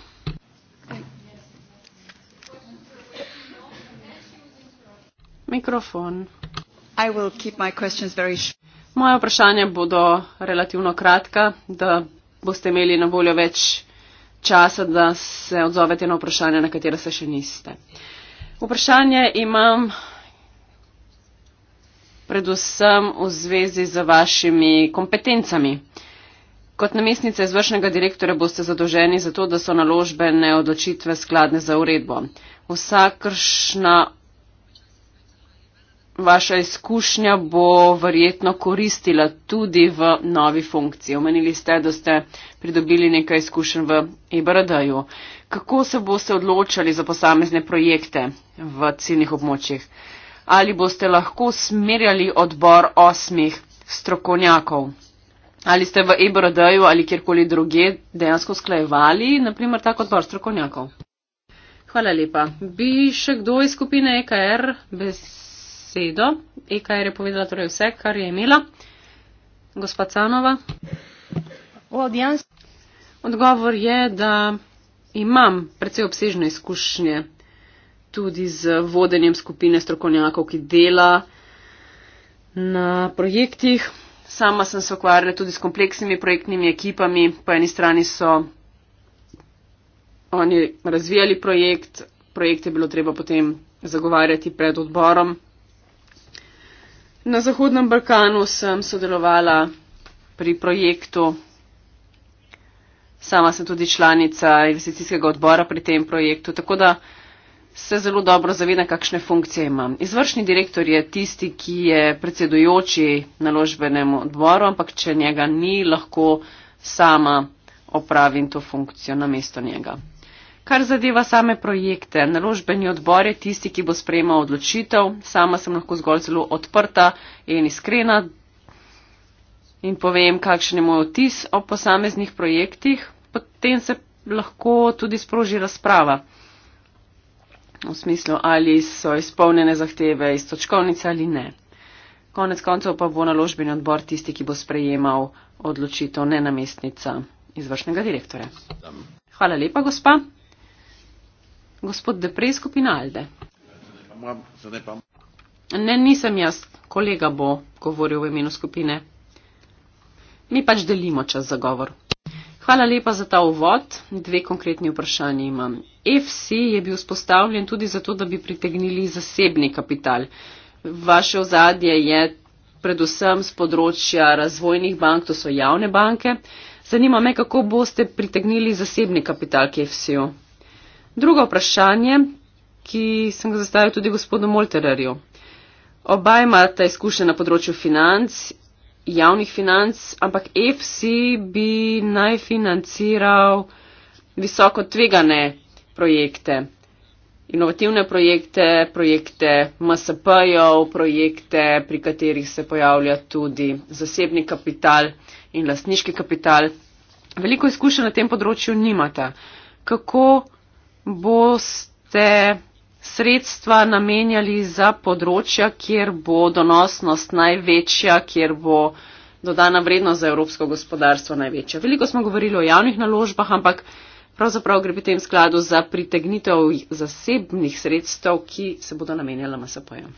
Mikrofon. Moje vprašanje bodo relativno kratka, da boste imeli na voljo več časa, da se odzovete na vprašanje, na katero se še niste. Vprašanje imam predvsem v zvezi z vašimi kompetencami. Kot namestnica izvršnega direktorja boste zadolženi za to, da so naložbene odločitve skladne za uredbo. Vsakršna vaša izkušnja bo verjetno koristila tudi v novi funkciji. Omenili ste, da ste pridobili nekaj izkušenj v EBRD-ju. Kako se boste odločali za posamezne projekte v ciljnih območjih? Ali boste lahko smerjali odbor osmih strokovnjakov? Ali ste v EBRD-ju ali kjerkoli druge dejansko sklajevali, naprimer, tak odbor strokovnjakov? Hvala lepa. Bi še kdo iz skupine EKR besedil? besedo. EKR je povedala torej vse, kar je imela. Gospa Canova. Odgovor je, da imam precej obsežne izkušnje tudi z vodenjem skupine strokovnjakov, ki dela na projektih. Sama sem se ukvarjala tudi s kompleksnimi projektnimi ekipami. Po eni strani so oni razvijali projekt, projekt je bilo treba potem zagovarjati pred odborom, Na Zahodnem Balkanu sem sodelovala pri projektu. Sama sem tudi članica investicijskega odbora pri tem projektu, tako da se zelo dobro zavedam, kakšne funkcije imam. Izvršni direktor je tisti, ki je predsedujoči naložbenemu odboru, ampak če njega ni, lahko sama opravim to funkcijo na mesto njega. Kar zadeva same projekte, naložbeni odbor je tisti, ki bo sprejemal odločitev. Sama sem lahko zgolj zelo odprta in iskrena in povem, kakšen je moj vtis o posameznih projektih. Potem se lahko tudi sproži razprava v smislu, ali so izpolnjene zahteve iz točkovnice ali ne. Konec koncev pa bo naložbeni odbor tisti, ki bo sprejemal odločitev, ne namestnica izvršnega direktorja. Hvala lepa, gospa. Gospod Deprej, skupina Alde. Ne, nisem jaz, kolega bo govoril v imenu skupine. Mi pač delimo čas za govor. Hvala lepa za ta uvod. Dve konkretni vprašanje imam. FC je bil spostavljen tudi zato, da bi pritegnili zasebni kapital. Vaše ozadje je predvsem z področja razvojnih bank, to so javne banke. Zanima me, kako boste pritegnili zasebni kapital k FC-u. Drugo vprašanje, ki sem ga zastavil tudi gospodu Moltererju. Oba imata izkušnje na področju financ, javnih financ, ampak FC bi naj financiral visoko tvegane projekte, inovativne projekte, projekte MSP-jev, projekte, pri katerih se pojavlja tudi zasebni kapital in lastniški kapital. Veliko izkušenj na tem področju nimata. Kako boste sredstva namenjali za področja, kjer bo donosnost največja, kjer bo dodana vrednost za evropsko gospodarstvo največja. Veliko smo govorili o javnih naložbah, ampak pravzaprav gre pri tem skladu za pritegnitev zasebnih sredstev, ki se bodo namenjala MSP-jem.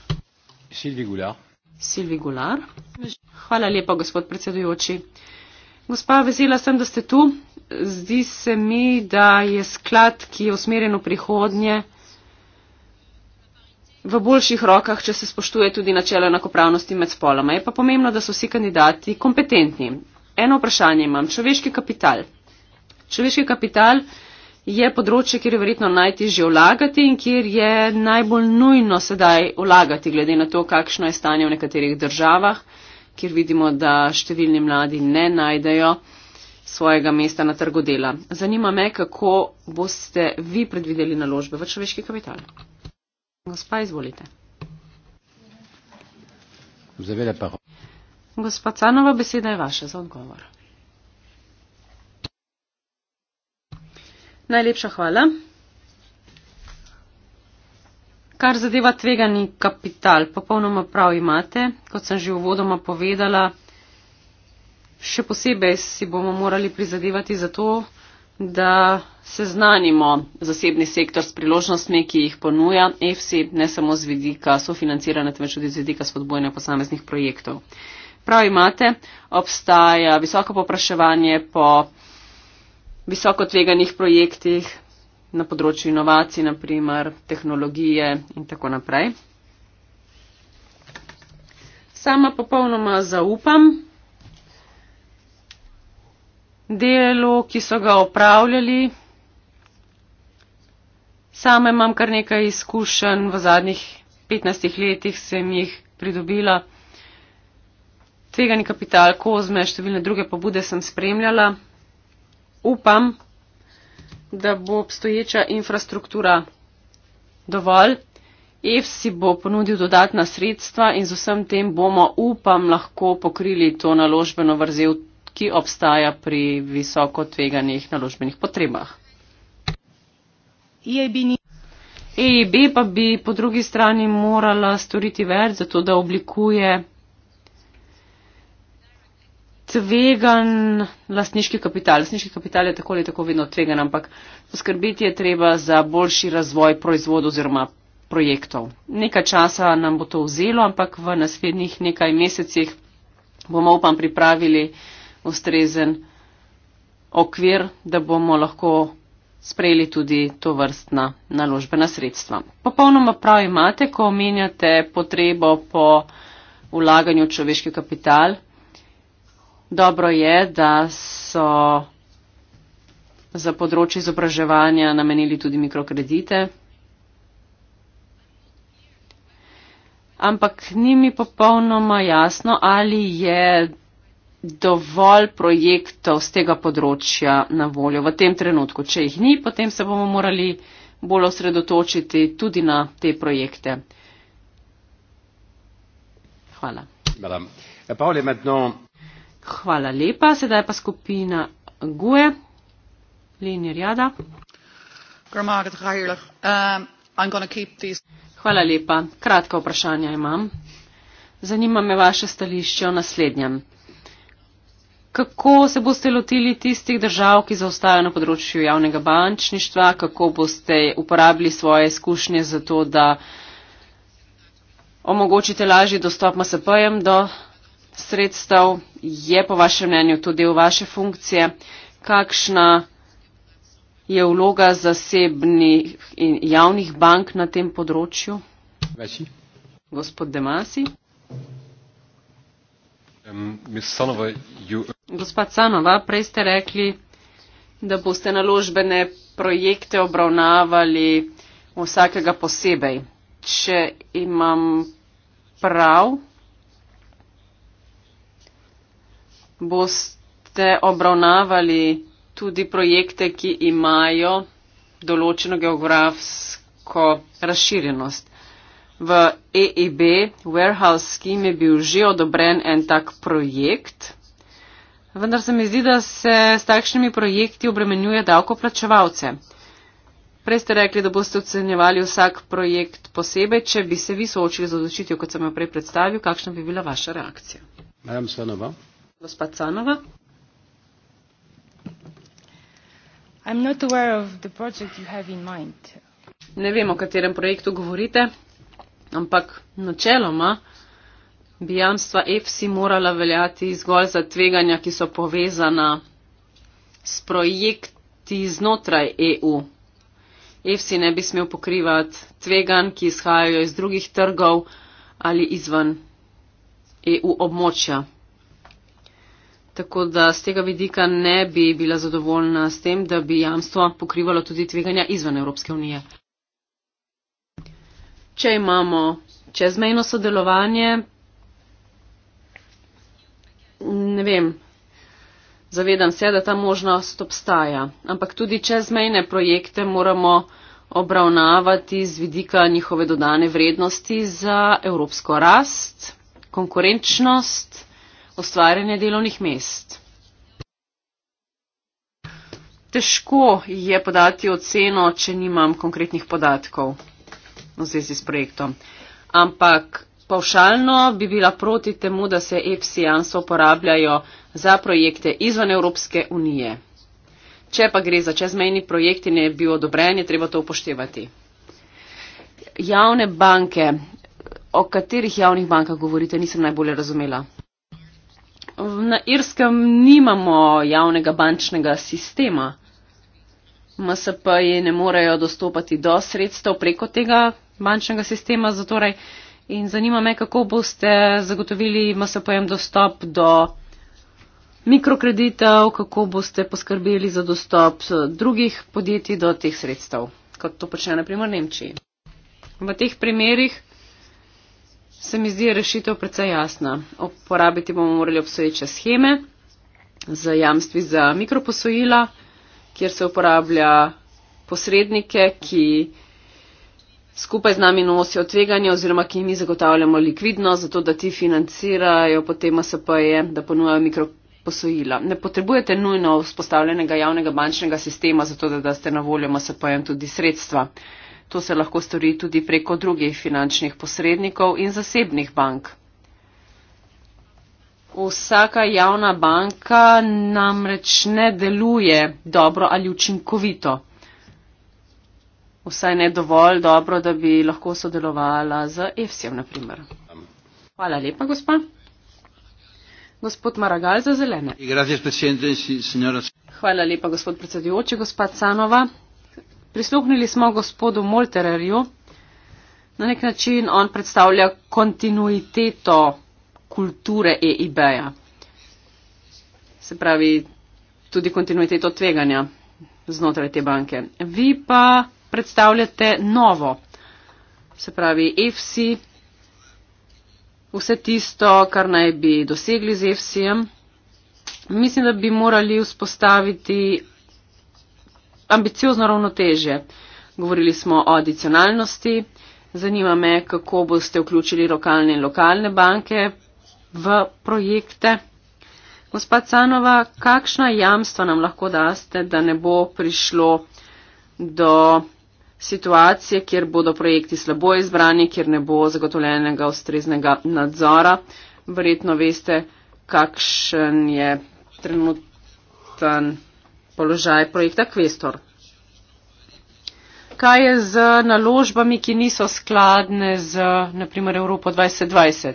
Silvi Gular. Silvi Gular. Hvala lepa, gospod predsedujoči. Gospa, vesela sem, da ste tu zdi se mi, da je sklad, ki je usmerjen v prihodnje, v boljših rokah, če se spoštuje tudi načelo enakopravnosti med spoloma. Je pa pomembno, da so vsi kandidati kompetentni. Eno vprašanje imam. Človeški kapital. Človeški kapital je področje, kjer je verjetno najtežje vlagati in kjer je najbolj nujno sedaj vlagati, glede na to, kakšno je stanje v nekaterih državah, kjer vidimo, da številni mladi ne najdejo svojega mesta na trgu dela. Zanima me, kako boste vi predvideli naložbe v človeški kapital. Gospa, izvolite. Gospa Canova, beseda je vaša za odgovor. Najlepša hvala. Kar zadeva tvegani kapital, popolnoma prav imate. Kot sem že uvodoma povedala, še posebej si bomo morali prizadevati za to, da seznanimo zasebni sektor s priložnostmi, ki jih ponuja EFSI, ne samo z vidika sofinanciranja, temveč tudi z vidika spodbojanja posameznih projektov. Prav imate, obstaja visoko popraševanje po visoko tveganih projektih na področju inovacij, naprimer tehnologije in tako naprej. Sama popolnoma zaupam delu, ki so ga opravljali. Sama imam kar nekaj izkušenj, v zadnjih 15 letih sem jih pridobila. Tvegani kapital, kozme, številne druge pobude sem spremljala. Upam, da bo obstoječa infrastruktura dovolj. EFSI bo ponudil dodatna sredstva in z vsem tem bomo, upam, lahko pokrili to naložbeno vrzel ki obstaja pri visoko tveganih naložbenih potrebah. EIB, ni... EIB pa bi po drugi strani morala storiti več za to, da oblikuje tvegan lastniški kapital. Lastniški kapital je tako ali tako vedno tvegan, ampak poskrbeti je treba za boljši razvoj proizvodov oziroma projektov. Nekaj časa nam bo to vzelo, ampak v naslednjih nekaj mesecih bomo upam pripravili uh, ustrezen okvir, da bomo lahko sprejeli tudi to vrstna naložbena sredstva. Popolnoma prav imate, ko omenjate potrebo po vlaganju v človeški kapital. Dobro je, da so za področje izobraževanja namenili tudi mikrokredite. Ampak ni mi popolnoma jasno, ali je dovolj projektov z tega področja na voljo v tem trenutku. Če jih ni, potem se bomo morali bolj osredotočiti tudi na te projekte. Hvala. Hvala lepa. Sedaj pa skupina GUE. Linir Jada. Hvala lepa. Kratka vprašanja imam. Zanima me vaše stališče o naslednjem kako se boste lotili tistih držav, ki zaostajajo na področju javnega bančništva, kako boste uporabili svoje izkušnje za to, da omogočite lažji dostop MSP-jem do sredstev. Je po vašem mnenju to del vaše funkcije? Kakšna je vloga zasebnih in javnih bank na tem področju? Vesi. Gospod Demasi. Um, Gospa Canova, prej ste rekli, da boste naložbene projekte obravnavali vsakega posebej. Če imam prav, boste obravnavali tudi projekte, ki imajo določeno geografsko razširjenost. V EIB e Warehouse Scheme je bil že odobren en tak projekt vendar se mi zdi, da se s takšnimi projekti obremenjuje davkoplačevalce. Prej ste rekli, da boste ocenjevali vsak projekt posebej, če bi se vi soočili z odločitev, kot sem jo prej predstavil, kakšna bi bila vaša reakcija? Najem Sanova. Gospa Sanova. Ne vem, o katerem projektu govorite, ampak načeloma bi jamstva EFSI morala veljati zgolj za tveganja, ki so povezana s projekti znotraj EU. EFSI ne bi smel pokrivati tvegan, ki izhajajo iz drugih trgov ali izven EU območja. Tako da z tega vidika ne bi bila zadovoljna s tem, da bi jamstvo pokrivalo tudi tveganja izven Evropske unije. Če imamo čezmejno sodelovanje, ne vem, zavedam se, da ta možnost obstaja. Ampak tudi čezmejne projekte moramo obravnavati z vidika njihove dodane vrednosti za evropsko rast, konkurenčnost, ustvarjanje delovnih mest. Težko je podati oceno, če nimam konkretnih podatkov v zvezi s projektom. Ampak Pavšalno bi bila proti temu, da se EPSIANS uporabljajo za projekte izven Evropske unije. Če pa gre za čezmejni projekt in je bil odobren, je treba to upoštevati. Javne banke, o katerih javnih bankah govorite, nisem najbolje razumela. Na Irskem nimamo javnega bančnega sistema. MSP-ji ne morejo dostopati do sredstev preko tega bančnega sistema, zato torej In zanima me, kako boste zagotovili MSP-jem dostop do mikrokreditev, kako boste poskrbeli za dostop drugih podjetij do teh sredstev, kot to počne naprimer Nemčiji. V teh primerih se mi zdi rešitev predvsej jasna. Uporabiti bomo morali obstoječe scheme za jamstvi za mikroposojila, kjer se uporablja posrednike, ki skupaj z nami nosijo tveganje oziroma ki jim mi zagotavljamo likvidnost, zato da ti financirajo potem SPE, da ponujajo mikro. Posojila. Ne potrebujete nujno vzpostavljenega javnega bančnega sistema, zato da, da ste na voljo MSP-jem tudi sredstva. To se lahko stori tudi preko drugih finančnih posrednikov in zasebnih bank. Vsaka javna banka namreč ne deluje dobro ali učinkovito vsaj ne dovolj dobro, da bi lahko sodelovala z EFSI-em, naprimer. Hvala lepa, gospa. Gospod Maragal za zelene. Hvala lepa, gospod predsedujoči, gospa Canova. Prisluhnili smo gospodu Moltererju. Na nek način on predstavlja kontinuiteto kulture EIB-ja. Se pravi, tudi kontinuiteto tveganja znotraj te banke. Vi pa predstavljate novo, se pravi EFSI, vse tisto, kar naj bi dosegli z EFSI-jem. Mislim, da bi morali vzpostaviti ambiciozno ravnotežje. Govorili smo o adicionalnosti. Zanima me, kako boste vključili lokalne in lokalne banke v projekte. Gospa Canova, kakšna jamstva nam lahko daste, da ne bo prišlo do situacije, kjer bodo projekti slabo izbrani, kjer ne bo zagotovljenega ustreznega nadzora. Verjetno veste, kakšen je trenutan položaj projekta Kvestor. Kaj je z naložbami, ki niso skladne z, naprimer, Evropo 2020?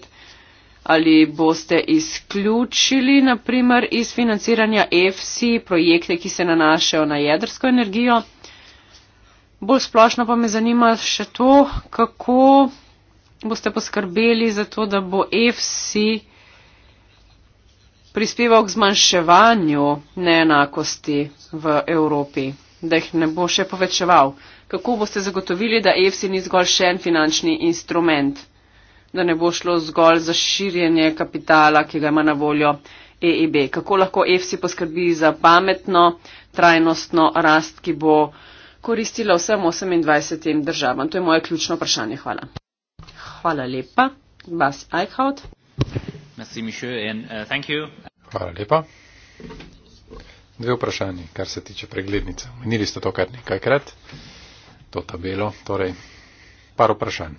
Ali boste izključili, naprimer, iz financiranja EFSI projekte, ki se nanašajo na jedrsko energijo? Bolj splošno pa me zanima še to, kako boste poskrbeli za to, da bo EFSI prispeval k zmanjševanju neenakosti v Evropi, da jih ne bo še povečeval. Kako boste zagotovili, da EFSI ni zgolj še en finančni instrument, da ne bo šlo zgolj za širjenje kapitala, ki ga ima na voljo EIB. Kako lahko EFSI poskrbi za pametno, trajnostno rast, ki bo koristila vsem 28 državam? To je moje ključno vprašanje. Hvala. Hvala lepa. Bas Eichhout. Merci, Michel, and, uh, thank you. Hvala lepa. Dve vprašanje, kar se tiče preglednice. Omenili ste to kar nekajkrat, to tabelo, torej par vprašanj.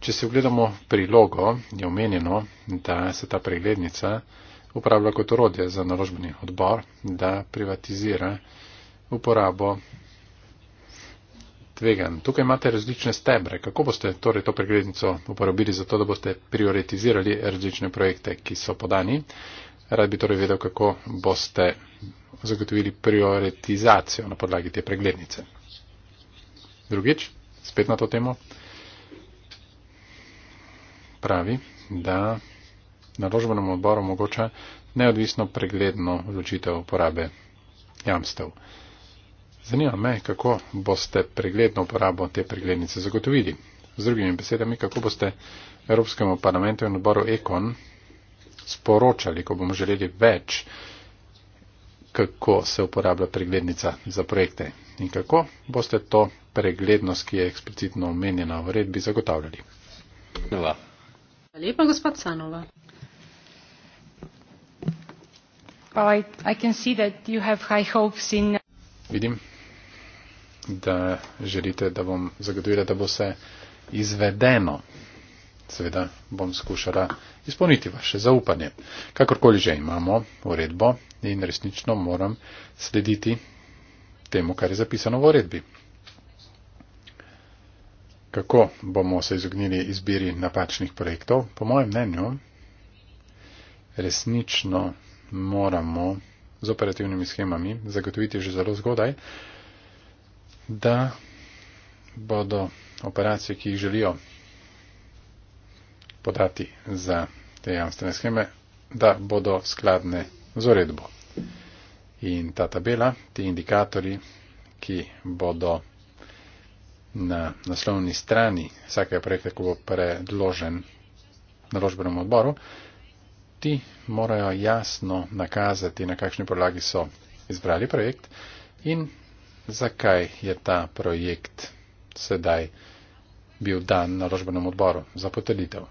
Če se ogledamo prilogo, je omenjeno, da se ta preglednica uporablja kot orodje za naložbeni odbor, da privatizira uporabo tvegan. Tukaj imate različne stebre. Kako boste torej to preglednico uporabili za to, da boste prioritizirali različne projekte, ki so podani? Rad bi torej vedel, kako boste zagotovili prioritizacijo na podlagi te preglednice. Drugič, spet na to temo, pravi, da naložbenemu odboru omogoča neodvisno pregledno odločitev uporabe jamstev. Zanima me, kako boste pregledno uporabo te preglednice zagotovili. Z drugimi besedami, kako boste Evropskemu parlamentu in odboru Ekon sporočali, ko bomo želeli več, kako se uporablja preglednica za projekte in kako boste to preglednost, ki je eksplicitno omenjena v redbi, zagotavljali. Hvala lepa, gospod Sanova. Well, I, I can see that you have high hopes in... Vidim, da želite, da bom zagotovila, da bo vse izvedeno. Seveda bom skušala izpolniti vaše zaupanje. Kakorkoli že imamo uredbo in resnično moram slediti temu, kar je zapisano v uredbi. Kako bomo se izognili izbiri napačnih projektov? Po mojem mnenju, resnično moramo z operativnimi schemami zagotoviti že zelo zgodaj, da bodo operacije, ki jih želijo podati za te jamstvene scheme, da bodo skladne z uredbo. In ta tabela, ti indikatori, ki bodo na naslovni strani vsakega projekta, ko bo predložen naložbenemu odboru, ti morajo jasno nakazati, na kakšni podlagi so izbrali projekt in zakaj je ta projekt sedaj bil dan na ložbenem odboru za potrditev.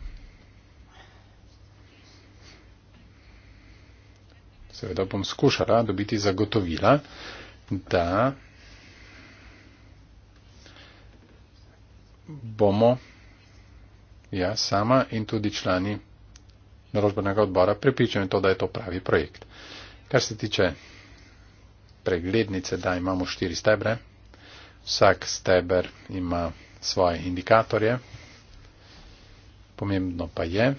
Seveda bom skušala dobiti zagotovila, da bomo ja, sama in tudi člani naložbenega odbora pripričani to, da je to pravi projekt. Kar se tiče preglednice, da imamo štiri stebre. Vsak steber ima svoje indikatorje. Pomembno pa je,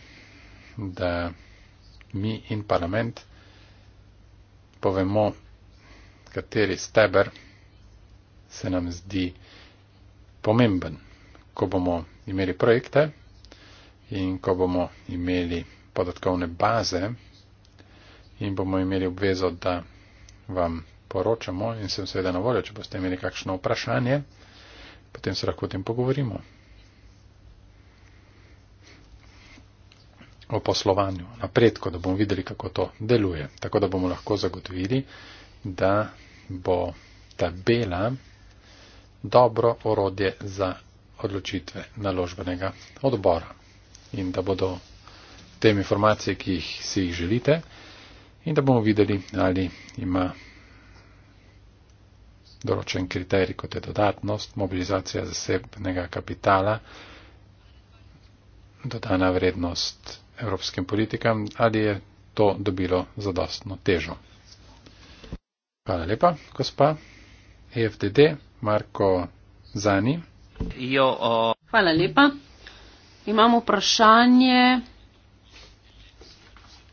da mi in parlament povemo, kateri steber se nam zdi pomemben, ko bomo imeli projekte in ko bomo imeli podatkovne baze in bomo imeli obvezo, da vam poročamo in sem seveda na voljo, če boste imeli kakšno vprašanje, potem se lahko o tem pogovorimo. O poslovanju, napredku, da bomo videli, kako to deluje, tako da bomo lahko zagotovili, da bo ta bela dobro orodje za odločitve naložbenega odbora in da bodo te informacije, ki jih si jih želite, in da bomo videli, ali ima določen kriterij, kot je dodatnost, mobilizacija zasebnega kapitala, dodana vrednost evropskim politikam, ali je to dobilo zadostno težo. Hvala lepa, gospa. EFDD, Marko Zani. Jo, o... Hvala lepa. Imamo vprašanje.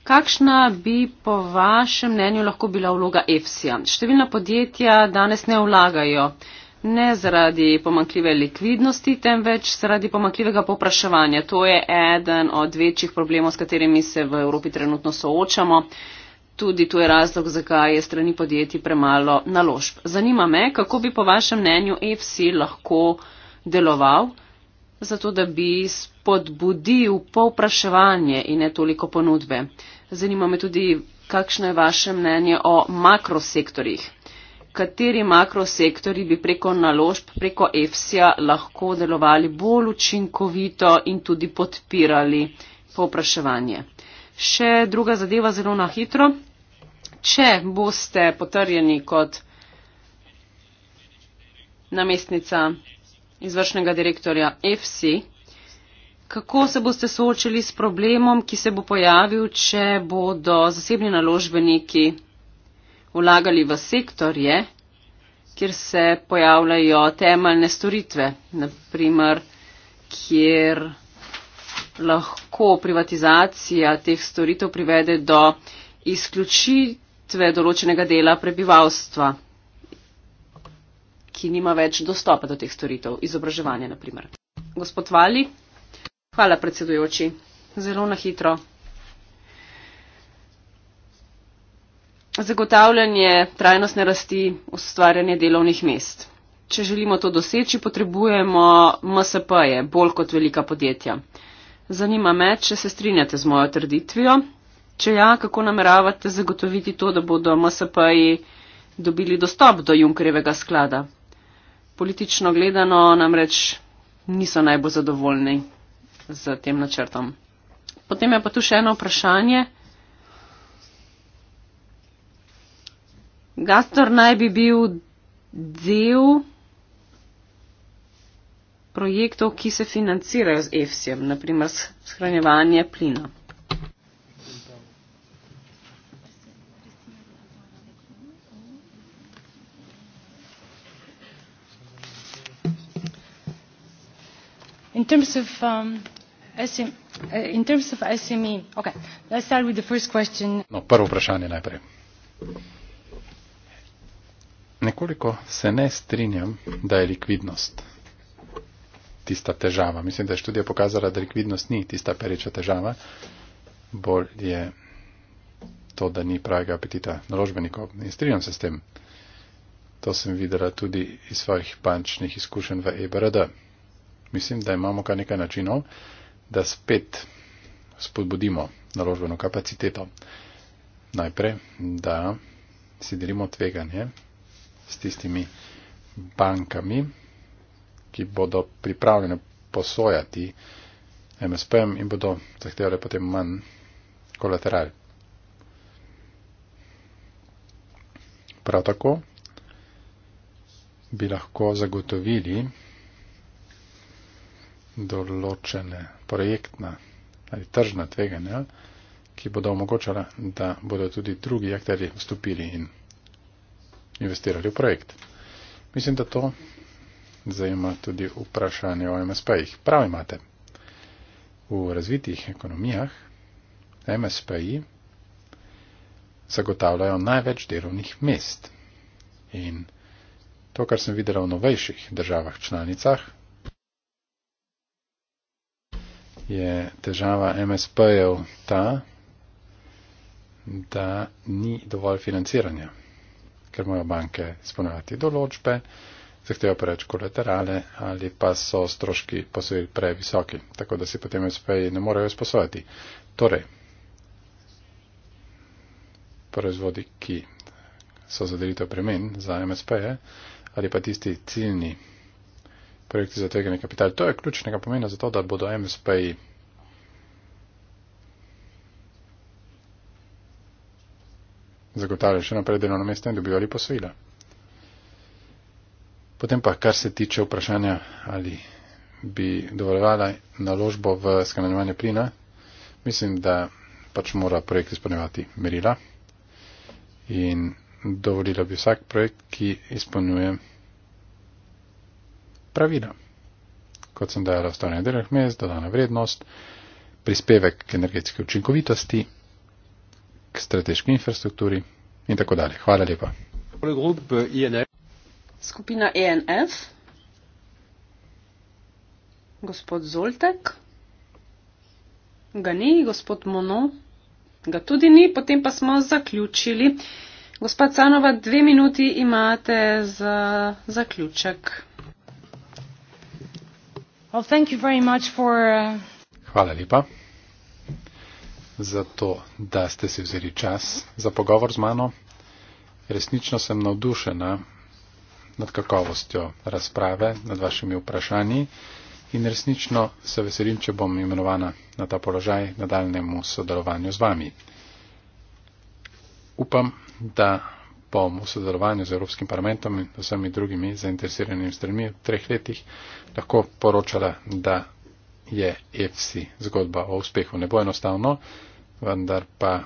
Kakšna bi po vašem mnenju lahko bila vloga EFSI-ja? Številna podjetja danes ne vlagajo, ne zaradi pomankljive likvidnosti, temveč zaradi pomankljivega popraševanja. To je eden od večjih problemov, s katerimi se v Evropi trenutno soočamo. Tudi to je razlog, zakaj je strani podjetij premalo naložb. Zanima me, kako bi po vašem mnenju EFSI lahko deloval, zato da bi spodbudil povpraševanje in ne toliko ponudbe. Zanima me tudi, kakšno je vaše mnenje o makrosektorjih. Kateri makrosektori bi preko naložb, preko EFSI-ja lahko delovali bolj učinkovito in tudi podpirali povpraševanje? Še druga zadeva zelo na hitro. Če boste potrjeni kot namestnica izvršnega direktorja EFSI, kako se boste soočili s problemom, ki se bo pojavil, če bodo zasebni naložbeniki vlagali v sektorje, kjer se pojavljajo temeljne storitve, naprimer, kjer lahko privatizacija teh storitev privede do izključitve določenega dela prebivalstva, ki nima več dostopa do teh storitev, izobraževanja naprimer. Gospod Vali. Hvala, predsedujoči. Zelo na hitro. Zagotavljanje trajnostne rasti, ustvarjanje delovnih mest. Če želimo to doseči, potrebujemo MSP-je, bolj kot velika podjetja. Zanima me, če se strinjate z mojo trditvijo. Če ja, kako nameravate zagotoviti to, da bodo MSP-ji dobili dostop do Junkerjevega sklada? Politično gledano namreč niso najbolj zadovoljni z tem načrtom. Potem je pa tu še eno vprašanje. Gastor naj bi bil del projektov, ki se financirajo z EFSI-em, naprimer shranjevanje plina. In terms of um, Eh, e, no, prvo vprašanje najprej. Nekoliko se ne strinjam, da je likvidnost tista težava. Mislim, da je študija pokazala, da likvidnost ni tista pereča težava. Bolj je to, da ni pravega apetita naložbenikov. In strinjam se s tem. To sem videla tudi iz svojih pančnih izkušenj v EBRD. Mislim, da imamo kar nekaj načinov, da spet spodbudimo naložbeno kapaciteto. Najprej, da si delimo tveganje s tistimi bankami, ki bodo pripravljene posojati MSP-jem in bodo zahtevali potem manj kolateral. Prav tako bi lahko zagotovili določene projektna ali tržna tveganja, ki bodo omogočala, da bodo tudi drugi akteri vstopili in investirali v projekt. Mislim, da to zajema tudi vprašanje o MSP-jih. Prav imate. V razvitih ekonomijah MSP-ji zagotavljajo največ delovnih mest. In to, kar sem videla v novejših državah članicah, je težava MSP-jev ta, da ni dovolj financiranja, ker morajo banke izpolnjevati določbe, zahtevajo preveč kolaterale ali pa so stroški posojil previsoki, tako da si potem MSP-ji ne morejo izposojati. Torej, proizvodi, ki so zadelitev premen za MSP-je ali pa tisti ciljni projekti za tveganje kapital. To je ključnega pomena za to, da bodo MSP-ji zagotavljali še naprej delovno mesto in dobivali posojila. Potem pa, kar se tiče vprašanja, ali bi dovoljevala naložbo v skanjevanje plina, mislim, da pač mora projekt izpolnjevati merila in dovolila bi vsak projekt, ki izpolnjuje merila pravila. Kot sem dejala, ostanejo delovnih mest, dodana vrednost, prispevek k energetski učinkovitosti, k strateški infrastrukturi in tako dalje. Hvala lepa. Skupina ENF. Gospod Zoltek. Ga ni, gospod Mono. Ga tudi ni, potem pa smo zaključili. Gospod Canova, dve minuti imate za zaključek. Well, thank you very much for, uh... Hvala lepa za to, da ste si vzeli čas za pogovor z mano. Resnično sem navdušena nad kakovostjo razprave, nad vašimi vprašanji in resnično se veselim, če bom imenovana na ta položaj nadaljnemu sodelovanju z vami. Upam, da po sodelovanju z Evropskim parlamentom in vsemi drugimi zainteresiranimi stranmi v treh letih lahko poročala, da je EFSI zgodba o uspehu. Ne bo enostavno, vendar pa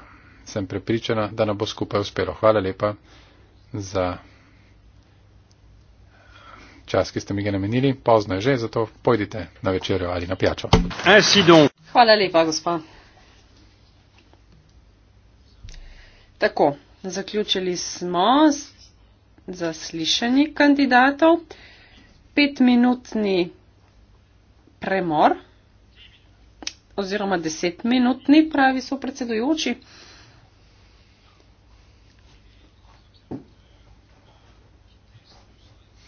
sem prepričana, da nam bo skupaj uspelo. Hvala lepa za čas, ki ste mi ga namenili. Pozno je že, zato pojdite na večerjo ali na pijačo. Hvala lepa, gospa. Tako. Zaključili smo zaslišanje kandidatov. Petminutni premor oziroma desetminutni, pravi so predsedujoči.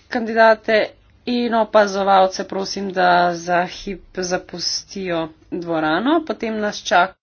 Kandidate in opazovalce prosim, da za hip zapustijo dvorano, potem nas čaka.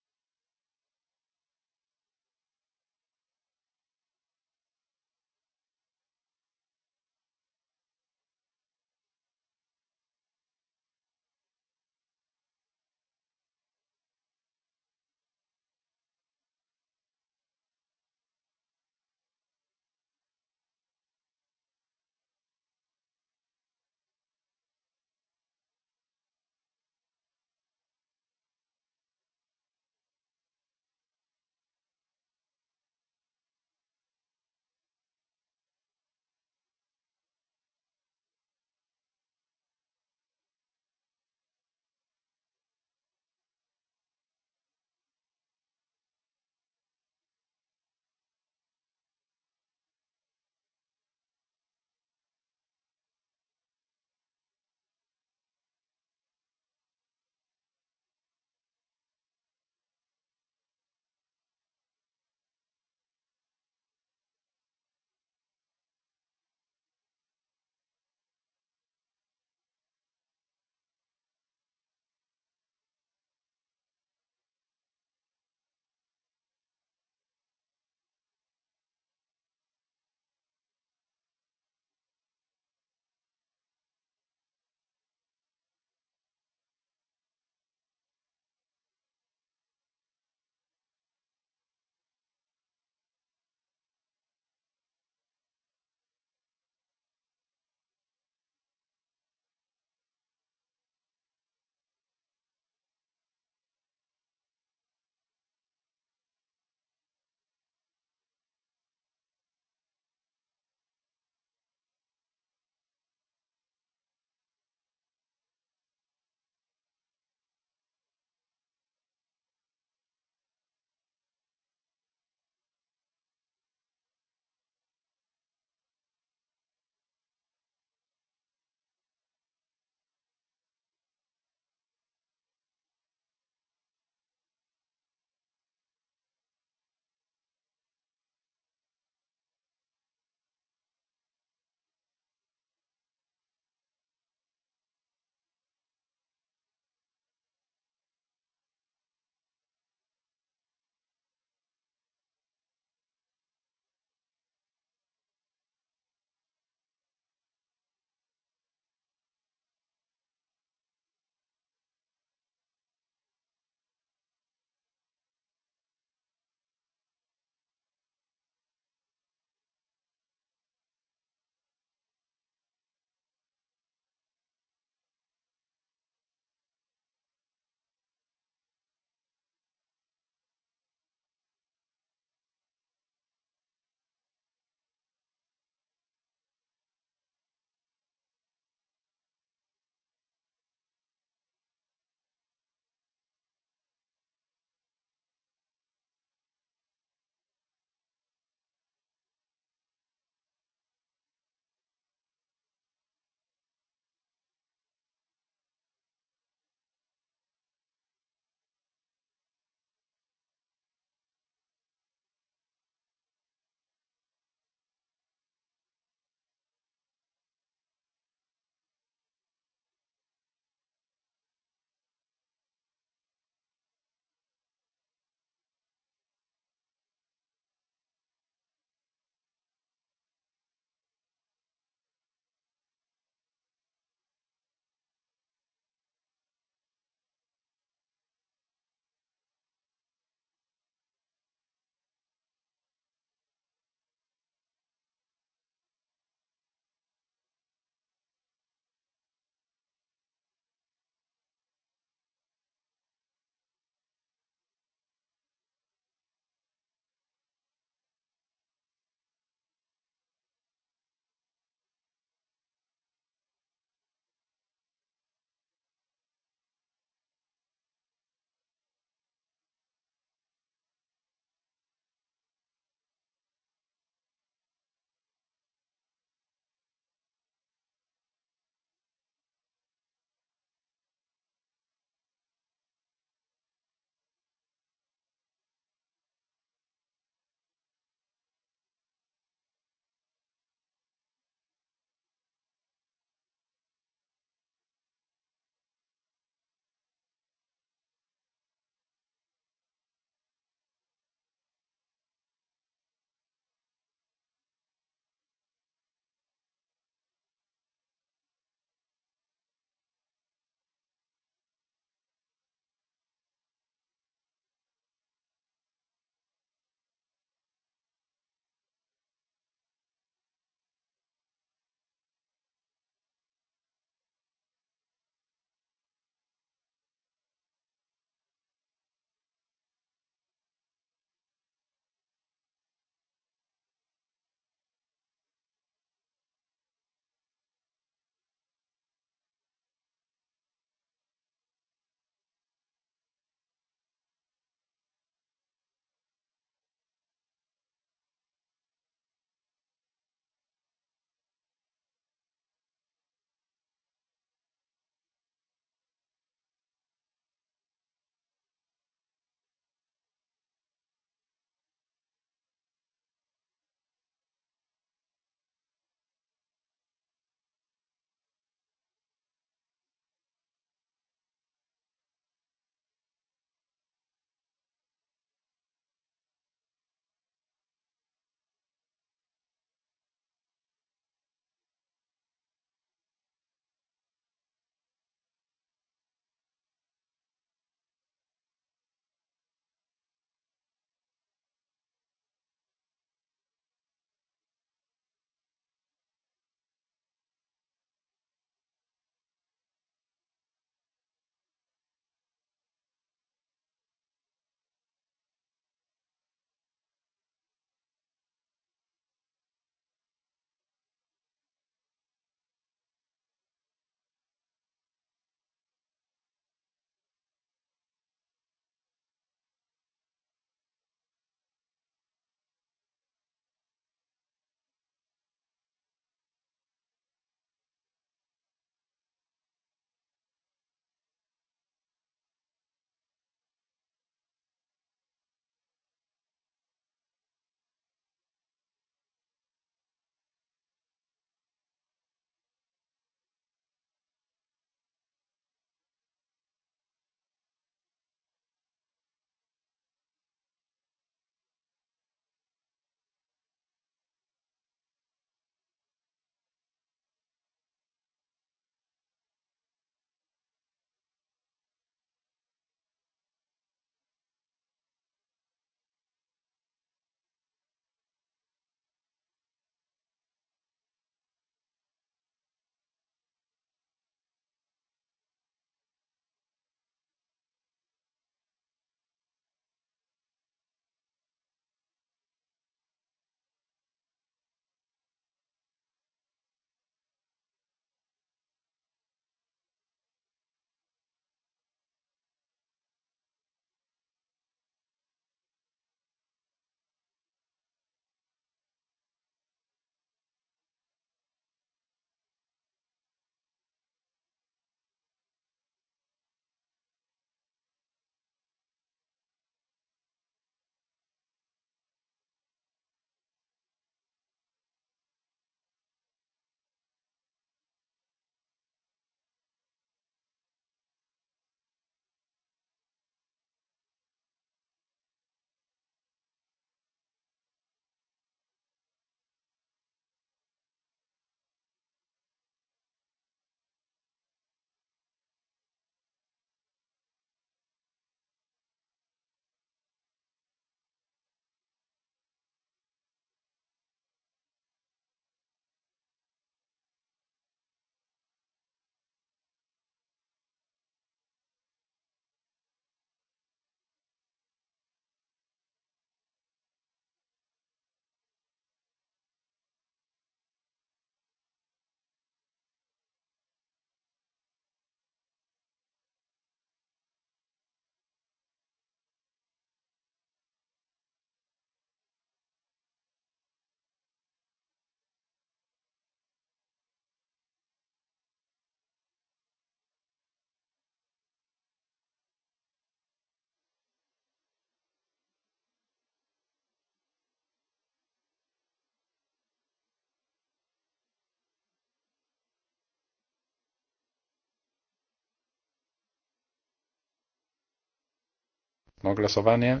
No glasovanje.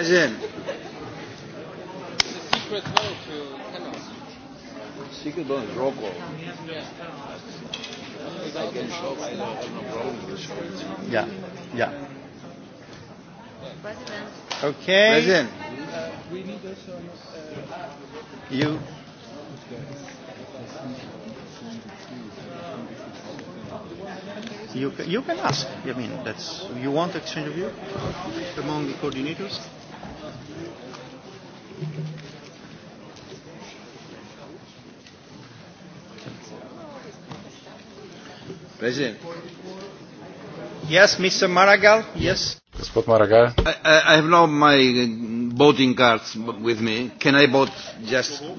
Yeah, yeah. President. Okay. President. Uh, we need also, uh, you. You, you can ask. I mean, that's you want exchange of view among the coordinators. President. Yes, Mr. Maragall. Yes. Gospod Maragall. I, I have now my voting cards with me. Can I vote just? Yes.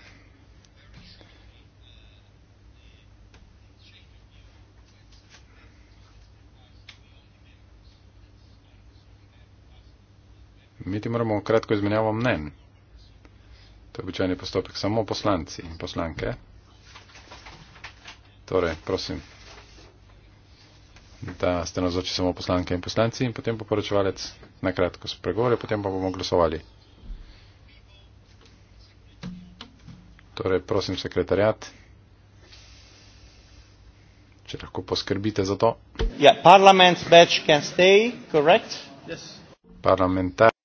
Mi ti moramo kratko izmenjavo mnen. To je običajni postopek. Samo poslanci in poslanke. Torej, prosim, da ste nazoči samo poslanke in poslanci in potem poporočevalec na kratko spregovore, potem pa bomo glasovali. Torej, prosim, sekretarjat. Če lahko poskrbite za to. Ja, yeah, parlament več can stay, correct? Yes. Parlamentar.